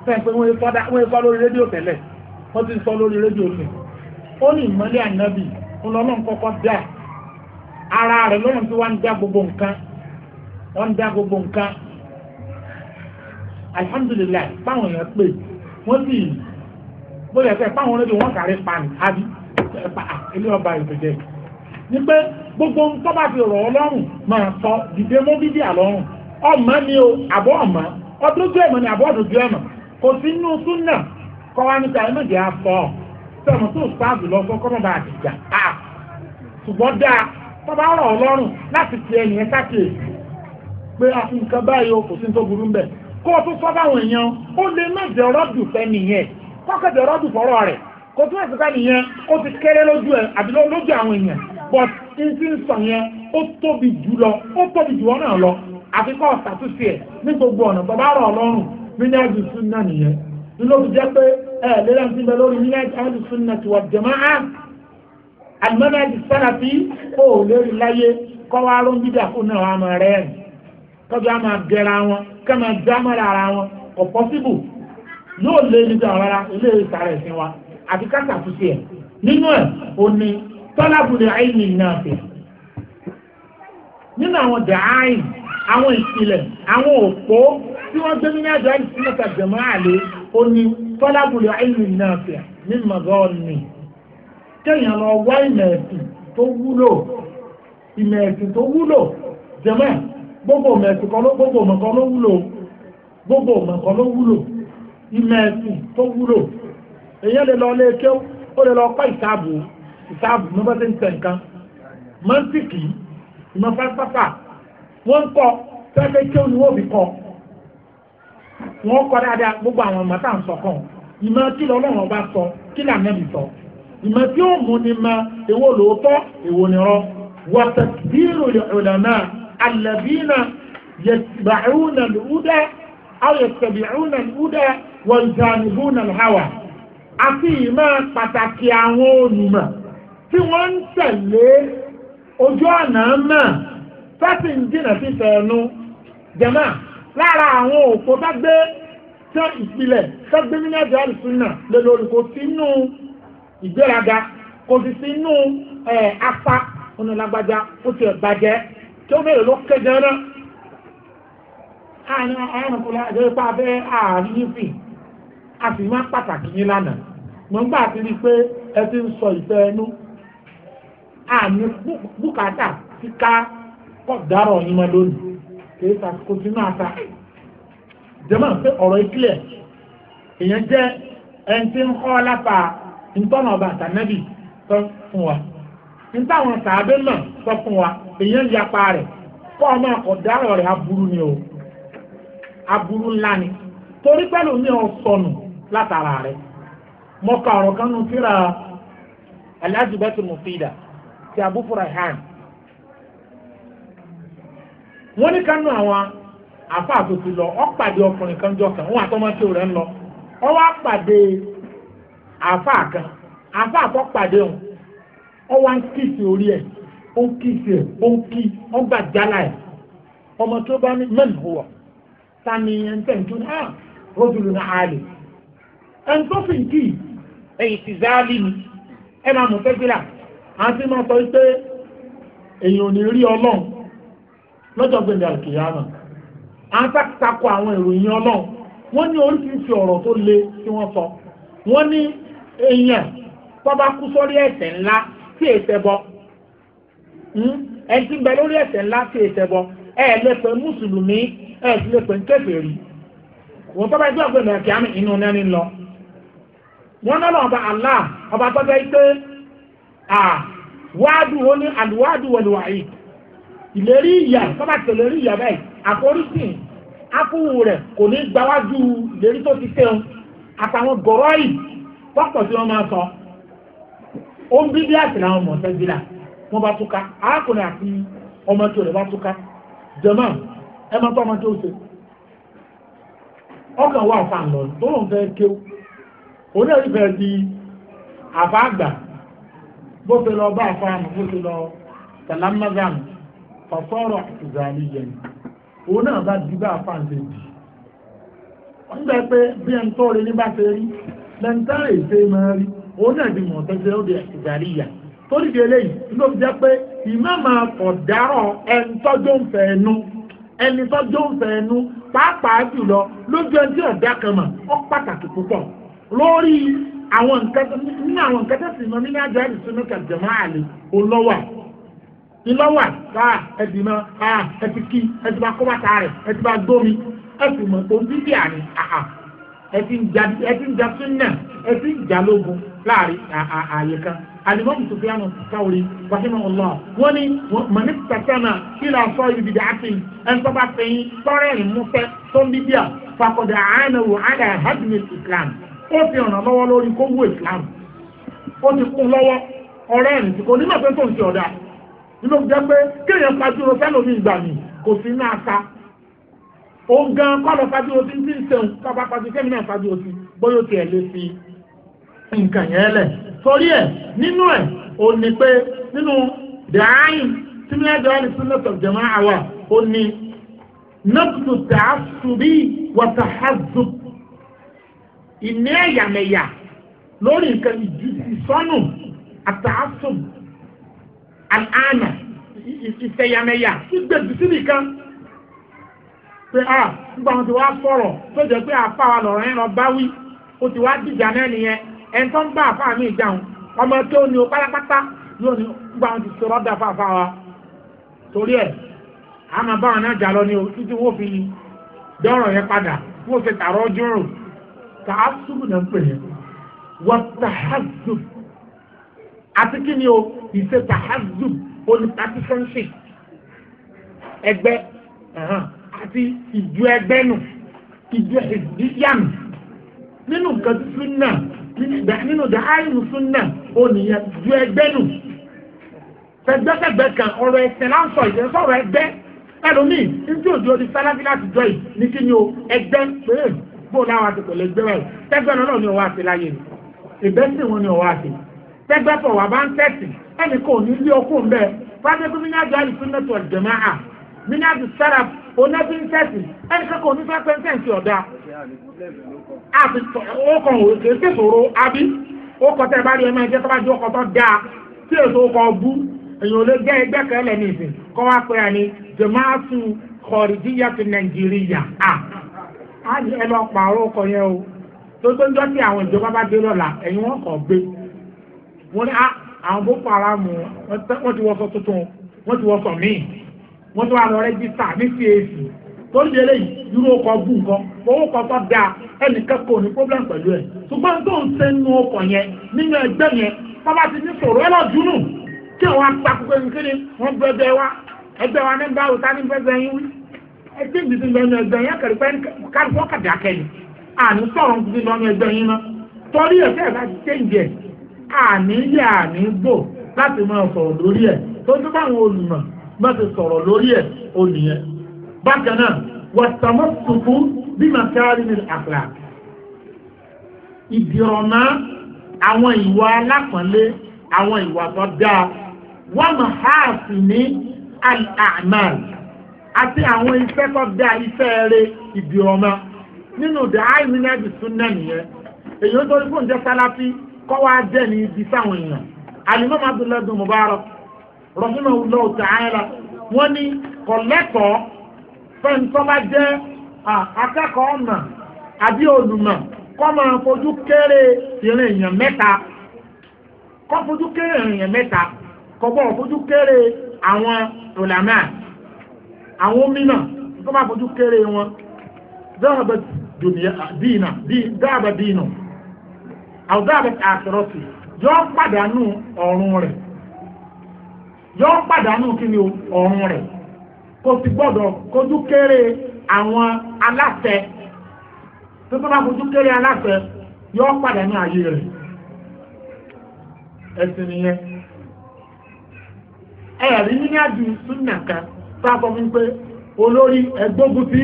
fẹ́ẹ̀ pé wọ́n yé sọ lórí rédíò tẹ́lẹ̀ wọ́n ti sọ lórí rédíò tẹ́lẹ̀ ó ní ìmọ́lẹ̀ ànábì ńlọ́lọ́n kọ́kọ́ dá ara rẹ̀ lọ́rùn tí wọ́n ń dá gbogbo nǹkan wọ́n ń dá gbogbo nǹkan alihamudulilayi báwọn èèyàn pè wọ́n sì bóyá ẹ̀fẹ́ báwọn olóde wọ́n kàrí pani àbí ẹ̀fà ilé ọba ìpèjẹ ní pé gbogbo nǹkan bá fi rọ̀ ọ́ lọ́rùn máa sọ dìde mú bíbí àlọ́rùn ọmọ mi o àbọ̀ ọmọ ọdún tó ẹ̀mọ ni àbọ̀ ọdún tó ẹ̀mọ kò sí inú súnà kọ́ wa níta ẹ̀mọ jẹ́ àfọ́ ọ́ sọ̀rọ̀ tó sáàbù lọ kọ́kọ́ mọ̀ bá a dìjà á ṣùgbọ́n dáa tó bá rọ̀ ọ́ lọ́rùn láti ti ẹ̀yìn ẹ̀ka kìí pé nǹkan báyìí o kò sí tó burú mbẹ̀ kó o tún sọ báwọn èèyàn ó lè má jẹ ọlọ́dù fẹ́ nìyẹn kọ́kẹ́ jẹ ọlọ́dù fọ́rọ̀ rẹ̀ o tún ẹ̀sìn ká nìyẹn ó ti kéré lójú ẹ̀ àbí lójú àwọn èèyàn but n ti ń sọ yẹn ó tóbi jù lọ ó tóbi jù wọn náà lọ àfi kọ́ ọ̀sàtúnṣe ẹ̀ ní gbogbo ọ̀nà tó bá rọ̀ ọlọ́run nínú ẹ̀dùn sún náà nìyẹn nínú ó jẹ́ pé ẹ̀ẹ́dẹ́rẹ́ ti bẹ lórí minhaj ahlu sunnati wal jamaa'ah al-manhaj as-salafi kó o lérí láyé kọ́ wa ló ń bí dàkú náà wà máa rẹ̀ ẹ̀ kọ́jú àmà gẹ̀rẹ̀ àwọn kẹ́mà dámọ̀rẹ̀ ara wọn kò pọ́síbù yóò lé nígbà rárá ilé ìsàrẹ̀ ẹ̀sìn wa àti káṣà tó ṣe ẹ̀ nínú ẹ̀ ò ní tọ́lábùlẹ̀ àìní náà fẹ̀ nínú àwọn dàáyìn àwọn ìpìlẹ̀ àwọn òpó tí wọ́n gbé nínú àjọ àìsí mẹ́ta jẹ̀mọ́ àlè ó ní tọ́lábùlẹ̀ àìlú ìnáfẹ́ ní mọ̀gọ́ọ̀nì kéèyàn lọ wá ìmọ̀ ẹ̀sìn tó wúlò ìmọ̀ ẹ̀sìn tó wúlò jẹ́mọ́ gbogbo ìmọ̀ ẹ̀sìn kan ló gbogbo ìmọ̀ kan ló wúlò gbogbo ìmọ̀ kan ló wúlò ìmọ̀ ẹ̀sìn tó wúlò èyàn lè lọ lé kéw ó lè lọ kọ́ ìsáàbù ìsáàbù ní wọ́n ti ń tẹ̀ nǹkan mọ́ńtìkì ìmọ̀ pátápátá wọ́n kọ́ fẹ́ẹ́ kéw ni wọ́n fi kọ́ wọ́n kọ́ dáadáa gbogbo àwọn ọmọ tá à ń sọ kàn ìmọ̀ kí lọ́lọ́run ọba sọ kí lànàbì sọ ìmọ̀ tí ó mú ni mọ èwo lóòótọ́ èwo ni rọ wàtàkìrò ìlànà àlàbínà yẹtìbàrúnà lùúdà àyẹtìbàrúnà lùúdà wọ̀njànìbúnà lùhàwà àti ìmọ̀ pàtàkì àwọn olùmọ̀ tí wọ́n ń tẹ̀lé ojú ọ̀nà mọ̀ fẹ́sìn jìnnà fífẹ́ ẹnu jẹ́mọ́ lára àwọn òpó bá gbé tí wọ́n ìpìlẹ̀ tó gbé nínú ẹ̀jẹ̀ àlùsùnà lè lórí kò sínú ìgbéraga kò sì sínú apá onílágbájá ó ti bàjẹ́ tí ó mélòó ló kéde náà àárín àárín kò láti rí pa abẹ́ àárín yìí fì a sì máa pàtàkì yín lánàá mọ̀ nígbà tí rí pé ẹ ti ń sọ ìfẹ́ ẹnu àmì bùkátà ti ká kọ̀ dárọ̀ yín mọ́ lónìí kìí ta kò sí máa ta jẹ́mọ̀ pé ọ̀rọ̀ ìkílẹ̀ èèyàn jẹ́ ẹni tí ń kọ́ lápá ntọ́nà ọba àtànẹ́bì sọ fún wa ntáwọn sàábẹ́ náà sọ fún wa èèyàn yapa rẹ̀ kọ́ ọmọ ọ̀daràn rẹ̀ aburú ni o aburú ńlá ni torí pẹ̀lú mi ò sọnù látara rẹ̀ mo ka ọ̀rọ̀ kan nu síra alájùbẹ́tì mufida ti abúfúra hàn wọ́n ní kánú àwọn àfa àtòtò lọ ó pàdé ọkùnrin kan jọ kan wọn àtọmọ tí o rẹ ń lọ ó wá pàdé àfa kan àfa àkọ pàdé òun ó wá ń kíìsì orí ẹ̀ ó ń kíìsì ẹ̀ ó ń kí ó ń gbà jálá ẹ̀ ọmọ tó bá ní mẹ́rin wọ̀ sani ẹ̀ńtẹ̀ ń tún náà rọ́dùlù náà àlè ẹ̀ńtọ́fìn kì í ẹ̀yìn sì záálì ni ẹ̀ máa mú fẹ́ gbéra àti máa sọ pé èèyàn ò ní rí ọlọ́run lọ́jọ́ gbẹ̀dẹ̀ àkìyàmà àtàkùtakù àwọn ìròyìn ọlọ́run wọ́n ní oríṣiríṣi ọ̀rọ̀ tó le tí wọ́n sọ wọ́n ní èèyàn tó bá kú sórí ẹ̀ṣẹ̀ ńlá tí èsè bọ hmm? ẹni tí ń bẹ lórí ẹ̀ṣẹ̀ ńlá tí èsè bọ ẹ lè pè mùsùlùmí ẹ sì lè pè ń kèfèrí wọ́n tó bá ọ̀gbẹ́ mẹ́rin kìámì inú nẹ́ni lọ wọ́n náà ọba Allah ọba tó bẹ́ẹ̀ pé wáàdù ó ní àlùwáàdù wọ̀lùwàyí ìlérí ìyà tọ́ba ti ìlérí ìyà báyìí àforísìn ápùwù rẹ̀ kò ní gbáwájú ìlérí tó ti fẹ́hùn àtàwọn gọ̀rọ̀ yìí pọ́pọ̀ tí wọ́n máa sọ ó ń bí bí àti làwọn mọ̀ọ́sẹ́bílà wọ́n bá túká arákùnrin àti ọmọ tó rẹ̀ bá túká jọmọ ẹ máa tọ́ ọmọ tó ṣe ọkàn wà fà ń lọ tó lóun fẹ́ kéw òun náà fẹ́ di àbá àgbà bó ṣe lọ bá àfa àmọ́ bó ṣe lọ sàlámàzàmù fàfọ́rọ̀ ìzàlì yẹn òun náà bá di bá fàǹtẹ̀ jì wọ́n gbà pé bí ẹn tó rí ní bá ṣe rí lẹ́ńtà èsè máa rí òun náà di mọ̀tẹ́sẹ̀ ó di ìzàlì yà tó dìde eléyìí ló fi jẹ́ pé ìmọ̀ máa kọ̀ dárọ̀ ẹn tọ́jú ń fẹ́ ẹnu ẹni tọ́jú ń fẹ́ ẹnu pàápàá jùlọ lójú ẹni tí ọ̀dà kan mà ó pàtàkì púpọ̀ lórí àwọn nǹkan nínú àwọn nǹkan tẹ̀sí mọ́ nínú àjọ àdìsúnú kàjọmọ́ àlè olówó ìlọ́wà ká ẹ̀dìmọ̀ ká ẹ̀tì kí ẹ̀tì bá kọ́bàtà rẹ̀ ẹ̀tì bá gbómi ẹ̀tì mọ̀ tó ń bíbí àní àhà ẹ̀tì ń ja súnà ẹ̀tì ń ja lógun láàrin ààyè kan alimami sufiyanu kawuri wahimu allah wọn ni mọni sasana kila sọ ibi da ati ẹnitọba sẹyin tọrẹ ìmúfẹ tó ń bíbí à fakọdà ànáwó àdà hajjmi islam ó fi ọ̀nà lọ́wọ́ lórí kó wú islam ó ti kún lọ́wọ́ ọ̀rẹ́ ẹ̀ nìkan onímọ̀ pé tó ń ṣe ọ̀dà nínú jẹ́ pé kéèyàn fajúro fẹ́lòmí ìgbà mi kò sí ní ata ó gan kọ́ lọ fajúro sí ti ń sẹ́wọ̀n kápá pàṣẹ kẹ́mi náà fajúro sí bóyá ó tiẹ̀ lé sí nǹkan yẹn lẹ̀ torí ẹ̀ nínú ẹ̀ ò ní pé nínú dàáyìn tí mi ẹ̀dọ́ ẹni sí lọ́tọ̀ jẹ̀mọ́ àwa ò ní nọ́tù tààsùbí wàtàhàzù ìní ẹ̀yàmẹ̀yà lórí nǹkan ìsọnù àtàásùbí. àlànà ìfẹ̀yàmẹ̀yà gbígbèsì síbì kan pé a nígbà wọn ti wá sọ̀rọ̀ tó jẹ́ pé wa lọ̀rọ̀ yẹn bá wí o ti wá dìjà náà nìyẹn ẹni tó ń bá àfa mi ìjà òun ọmọ tó ní o pátápátá yóò ní nígbà wọn ti sọ̀rọ̀ dà fáfá wa torí ẹ̀ a máa bá wọn náà jà lọ ní o títí wọ́n fi dọ́rọ̀ yẹn padà wọ́n fi tààrọ̀ náà ń pè yẹn wọ́n àti kí ni o ìṣe tahazub olùpartisanship ẹgbẹ́ àti ìjọ ẹgbẹ́ nù ìjọ ìdíyàn nínú nǹkan tuntun náà nínú dàáyìnù súnà ònìyàn ju ẹgbẹ́ nù fẹgbẹ́fẹgbẹ́ kan ọ̀rọ̀ ẹ̀sẹ̀ láǹsọ̀ ìdẹ́sọ̀rọ̀ ẹgbẹ́ ẹlòmíì ntí òjò di sálábí láti jọ yìí ní kí ni o ẹgbẹ́ pé bó láwọn àti pẹ̀lú ẹgbẹ́ báyìí tẹ́gbẹ́ náà ni ọwọ́ àti láyé ni ìbẹ́sìn wọn ni ọwọ́ àti tẹ́gbẹ́tọ̀ wà bá ń tẹ̀sìn ẹnì kan ò ní lé ọkùn bẹ́ẹ̀ fàdékù mi ní àjọ àlùfẹ́ nẹ́tọ̀ jẹ̀mẹ́ à mi ní àjọ sára onáfi ń tẹ̀sìn ẹnì kan kò ní fẹ́ pẹ́ńtẹ̀ǹsì ọ̀dà àti ọkọ̀ òkè tẹ̀sọ̀rọ̀ àbí ọkọ̀ tẹ̀ bá rí ẹ máa jẹ́ tó bá jẹ́ ọkọ̀ tó dáa tí èso ọkọ̀ bú èèyàn lè gbẹ́ ẹgbẹ́ kan lẹ̀ kọ́ wá pé à ní wọ́n ní ah, àwọn boko haram wọ́n ti wọ́sọ tuntun wọ́n ti wọ́sọ míì wọ́n ti wà lọ rẹ́jísítà ní CAC tó ń délé yìí dúró ọkọ̀ bù nǹkan owó kan tó da ẹnìkan kò ní problem pẹ̀lú ẹ̀ ṣùgbọ́n tó ń ṣe nínú ọkọ̀ yẹn nínú ẹgbẹ́ yẹn bàbá ti ní sọ̀rọ̀ ẹ lọ dúnú kí àwọn apakùkọ nìkéde wọn bẹbẹ wa ẹgbẹ́ wa nígbà wò tá ní bẹbẹ yín wí ẹgbẹ́ mi ti lọ́nu ẹgbẹ́ yẹn kẹrì pẹ́ kárí fọ́kàdà kẹ́yìn àní sọ̀rọ̀ ti lọ́nu ẹgbẹ́ yín náà torí ẹ̀ fẹ́ẹ̀ bá ti ṣe ń jẹ àníyà àníbò láti máa sọ̀rọ̀ lórí ẹ̀ tó ń bá àwọn olùmọ̀ bá ti sọ̀rọ̀ lórí ẹ̀ ó nìyẹn. bákan náà wàtàmọ́ tuntun bí màkàrí ní àkàrà ìdìrọ̀mọ́ àwọn ìwà alápọ̀nlé àwọn ìwà tó dáa wọ́n mọ̀ háàsì ní al-a'mal àti àwọn iṣẹ́ tó dáa iṣẹ́ rẹ̀ ìdìrọ̀mọ́ nínú dàáyé nínú ẹ̀dùn súnmọ́ nìyẹn èyí ó tó ní fóun jẹ́ sáláfí kọ́ wá jẹ́ ní ibi sáwọn èèyàn alimami abdullahi bin mubarak rahimahullah ta'ala wọ́n ní kọ̀lẹ́kọ̀ọ́ fẹ́ntọ́lá jẹ́ akẹ́kọ̀ọ́ ọ̀nà àbí olùmọ̀ kọ́ máa fojú kéré ìrìn èèyàn mẹ́ta kọ́ fojú kéré ìrìn èèyàn mẹ́ta kọ́ bọ́ fojú kéré àwọn ulama àwọn mímà kọ́ máa fojú kéré wọn dáàbà dìínà dáàbà dìínà àwùdáàbẹ̀ àṣírọ́tì yóò pàdánù ọ̀run rẹ̀ yóò pàdánù kí ni ọ̀run rẹ̀ kò sì gbọ́dọ̀ kojú kéré àwọn aláṣẹ tó tó bá kojú kéré aláṣẹ yóò pàdánù ayé rẹ̀ ẹ̀sìn nìyẹn ẹ̀rí nínú àjù súnà kan tó a sọ fún pé olórí ẹgbógun sí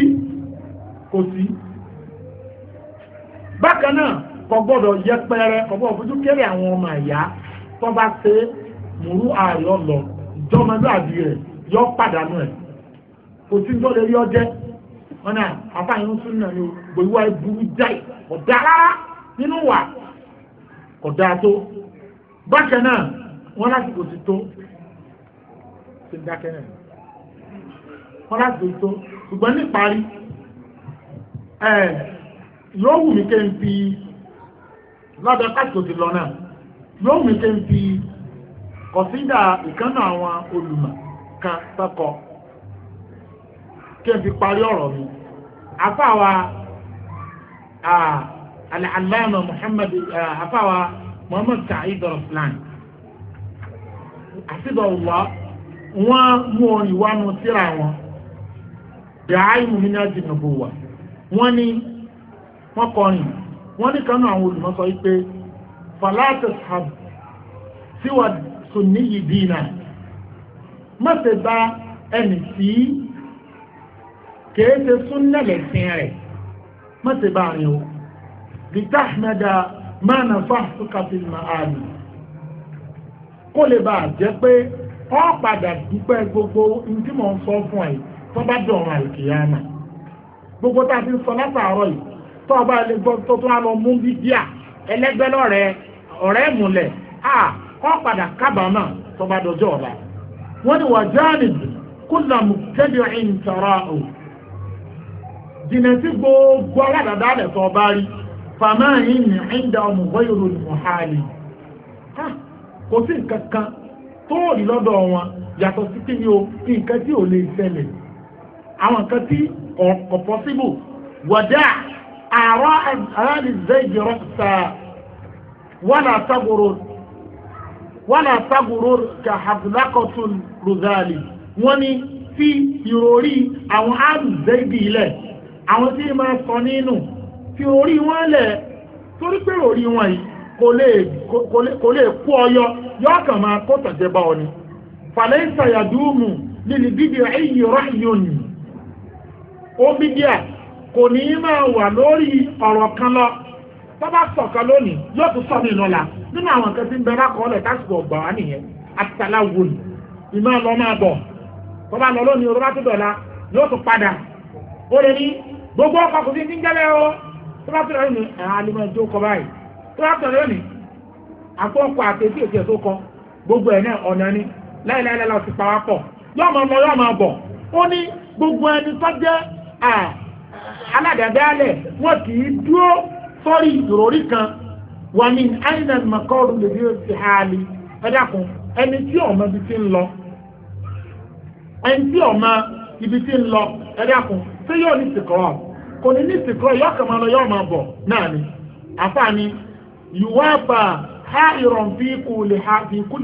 kò sí bákan náà kò gbọ́dọ̀ yẹpẹrẹ kò gbọ́dọ̀ fojú kéré àwọn ọmọ ẹ̀yà tó bá ṣe mùrú ààyò lọ jọmọdúàbí rẹ̀ yọ pàdánù ẹ̀ kò sí tó lè rí ọjẹ́ wọn náà ń sún náà ni gbòòwò burú jáì ọ̀dà rárá nínú wà ọ̀dà tó bákan náà wọn láti kò sí tó ṣe ń dákẹ́ náà wọn láti kò sí tó ṣùgbọ́n ní ìparí yóò wù mí kẹ́ ń fi lábẹ́ káàtó ti lọ náà yóò mi ṣe ń fi kọ̀sídà ìkánná àwọn olùmọ̀ kan tọkọ kí n fi parí ọ̀rọ̀ mi afáwa alàlámà Muhammad afáwa Muhammad Sa'id Raslan àtibọ̀ wà wọ́n mú orin wá nu síra wọn dàáyé mu mi ní àjùmọ̀ bò wà wọ́n ní wọ́n kọrin wọ́n ní kanú àwọn olùmọ́sọ wípé falatus hab síwá sunni yìí dínà mọ́sẹ̀ bá ẹnì tí kìí ṣe súnnẹ̀ lẹ́sìn rẹ̀ mọ́sẹ̀ bá rìn o litahmada ma nafahtuka fil ma'ali kó lè bá jẹ́ pé ọ padà dúpẹ́ gbogbo ní tí mò ń sọ fún ẹ tó bá dọ̀rùn àlùkìyàmà gbogbo tá a ti sọ látàárọ̀ yìí tó ọba lè gbọ́ tó tún àlọ́ mú bíbíà ẹlẹ́gbẹ́ lọ́rẹ́ ọ̀rẹ́ ìmùlẹ̀ à kọ́ padà kábàámọ̀ tó bá dọjọ́ ọ̀la. wọ́n ní wàá jáde kúlọ̀ mùtẹ́lẹ̀ ìntọ̀rọ̀ o. jìnnà tí gbogbo aládàáda rẹ̀ tó ọba rí fàmà yìí ní ẹ̀ńdà ọmọ wọ́yọ̀rọ̀ ìmọ̀hálì. kò sí nǹkan kan tó rí lọ́dọ̀ wọn yàtọ̀ sí kí ni o nǹkan tí ò lè ṣẹlẹ̀ àwọn nǹkan tí ọ̀pọ̀ síbò wọ̀dà أعراء هذا zai رأسا ولا تغرر ولا تغرر كحذلقة الرذال wọ́n ní fi ìròrí àwọn àrùzẹ́gbì ilẹ̀ àwọn tí máa sọ nínú fi orí wọn lẹ̀ torí pé orí wọn yìí kò lè kú ọyọ yóò kàn máa bá ni. kò ní í máa wà lórí ọ̀rọ̀ kan lọ tó bá sọ̀kan lónìí yóò tún sọ nínú ọ̀la nínú àwọn nǹkan tí ń bẹ lákọọ́lẹ̀ tásìkò ọ̀gbà wá nìyẹn àtàlà wò ìmọ̀ lọ máa bọ̀ tó bá lọ lónìí oró bá dọ̀la yóò tún lè ní gbogbo ọkọ̀ kò sí ní o tó bá lónìí àwọn alimọ̀ kọ báyìí tó bá lónìí ni aládàdálẹ̀ wọ́n kì í dúró sórí ìròrí kan wà ní island mccordu lè dúró sí haali ẹ̀dàkùn ẹni tí ọmọ ibi tí ń lọ ẹni tí ọmọ ibi tí ń lọ ẹ̀dàkùn ṣé yóò ní sìkọ́ kò ní ní sìkọ́ yóò kàn máa lọ yóò máa bọ̀ náà ni àfààní ìwà bá ha ìrọ̀nfí kù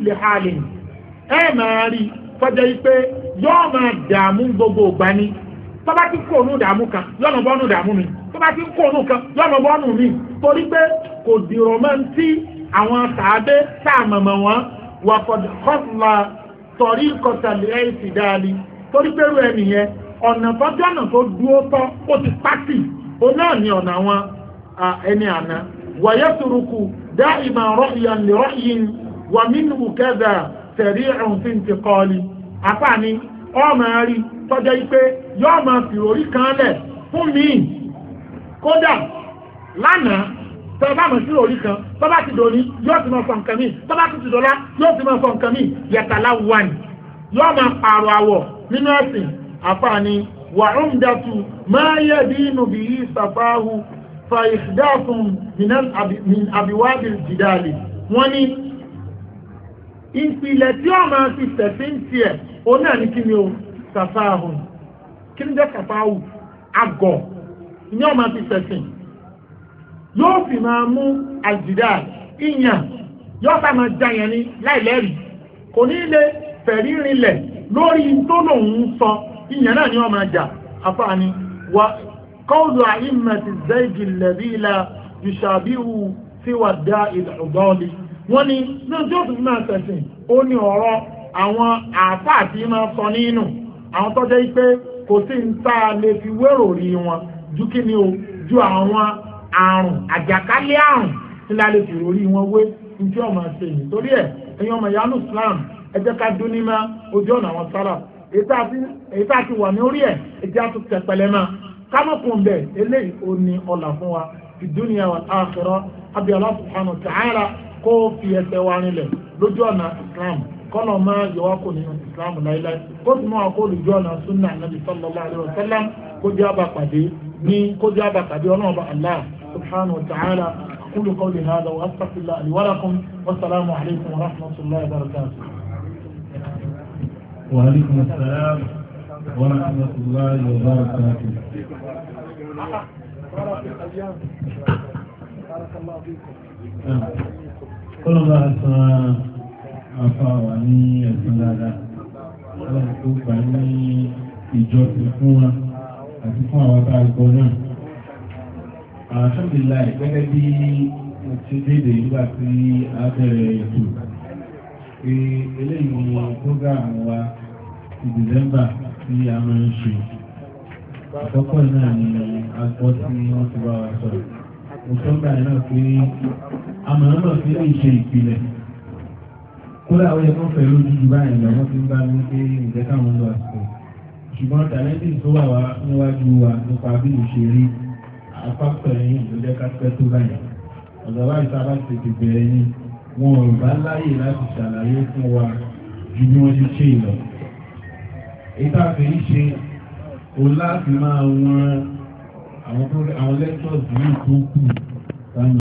lè haali ẹ̀ máa rí fọjá yìí pé yóò máa dààmú gbogbo ìgbà ni tó bá ti kó ònú dààmú kan yọ̀nà bọ́nù dààmú mi tó bá ti kó ònú kan yọ̀nà bọ́nù mi torí pé kò dìrọ̀ mọ́ ń tí àwọn sàábé sàmọ̀mọ̀ wọn wà kọ́sùlà tọ̀rí kọ̀tàlẹ́ ẹ̀sìdáàlì torí pé rú ẹni yẹn ọ̀nà tọ́jú ọ̀nà tó dúró tọ́ ó ti pátì ó náà ní ọ̀nà àwọn ẹni àná wàyẹ́ turuku dá ìmọ̀ ọ̀rọ̀ ìyànlẹ̀ ọ̀rọ̀ yìí wà mí nù kẹ́dà tẹ̀rí ẹ̀hún sí ti kọ́ọ̀lì àpá ni máa rí tọ́jọ́ yìí yóò máa fìròrí kan lẹ̀ fún mi kódà lánàá tọ́ bá mọ̀ sí orí kan tọ́ bá ti dòní yóò ti mọ̀ fọ nǹkan mi tọ́ bá ti ti dọ́lá yóò ti mọ̀ fọ nǹkan mi yàtàlá wà ní yóò pààrọ̀ àwọ̀ nínú ẹ̀sìn àfààní wàhùn dàtú máa yẹ bí inú bí yí sàfáhù fa ìdáàfún min àbíwábìl jìdáàlì wọ́n ní ìpìlẹ̀ tí ó máa fi tẹ̀sí ń tiẹ̀ òun náà ní kí ni o sàfáhùn kí ni jẹ́ kàfáwù àgọ̀ ní ọmọ ti sẹ̀sìn yóò fi máa mú àjìdá ìyàn yóò bá máa já yẹn ní láìlẹ́rìí kò ní lè fẹ̀rí rinlẹ̀ lórí tó lòun sọ ìyàn náà ní ọmọ ajá afáàní wa kọ́ọ̀dù àìmọ̀tì zẹ́ẹ̀gì lẹ́bí la yùṣàbíhù síwá dá ìdọ̀gọ́ọ̀lì wọ́n ní náà tí ó fi máa sẹ̀sìn ó ní ọ̀rọ̀ àwọn àáfàá máa sọ nínú àwọn tọ́jọ́ pé kò sí ń tá lè fi wérò rí wọn ju kí ni o ju àwọn àrùn àjàkálẹ̀ àrùn tí la lè fi wọn wé ní ọmọ ṣe yìí torí ẹ ẹ̀yin ọmọ Islam ẹ ká dún ní máa ojú ọ̀nà àwọn sára èyí tá a ti wà ní orí ẹ̀ ẹ jẹ́ àtúntò tẹ̀pẹ̀lẹ́ máa kámọ́kùn bẹ́ẹ̀ eléyìí ó ní ọ̀là fún wa fi dúnìyà wa kó fi ẹsẹ̀ kọ́nà máa yọ wá kò nínú ìsìláàmù láíláí kó sì máa kó olùjọ́ ọ̀nà súnà nàbì sallallahu alaihi wa sallam kó jẹ́ kó ní kó jẹ́ àbàpàdé ọlọ́run bá Allah subhanahu wa ta'ala aqulu qawli hadha wa astaghfirullah li wa lakum wasalaamu alaykum wa sàlámù wa wa alaykum asalaam wa rahmatullahi kọ́nà bá sọ afá wà ní ẹ̀sùn dáadáa ọlọ́run tó gbà ní ìjọ ti fún wa àti fún àwọn tá a gbọ́ náà alhamdulillah gẹ́gẹ́ bí mo ti dédé nígbà tí a bẹ̀rẹ̀ ètò pé eléyìí ni program wa ti December tí a máa ń ṣe àkọ́kọ́ náà ni a gbọ́ tí wọ́n ti bá wa sọ̀rọ̀ mo sọ́gbà náà pé àmọ́ náà fi lè ṣe ìpìlẹ̀ kódà ó yẹ kó fẹ́ lójú ju báyìí lọ wọ́n ti ń bá mi pé ǹjẹ́ káwọn lọ àsìkò ṣùgbọ́n tàlẹ́ntì tó wà wá níwájú wa nípa bí òṣèré apákọ̀ ẹ̀yìn ló jẹ́ kápẹ́ tó báyìí ọ̀dọ̀wá ìsábà ti ti bẹ̀rẹ̀ ni wọn ò bá láyè láti ṣàlàyé fún wa ju bí wọ́n ṣe ṣe lọ. ìta fèyí ṣe o láti máa wọn àwọn lẹ́tọ̀ọ̀sì yìí tó kù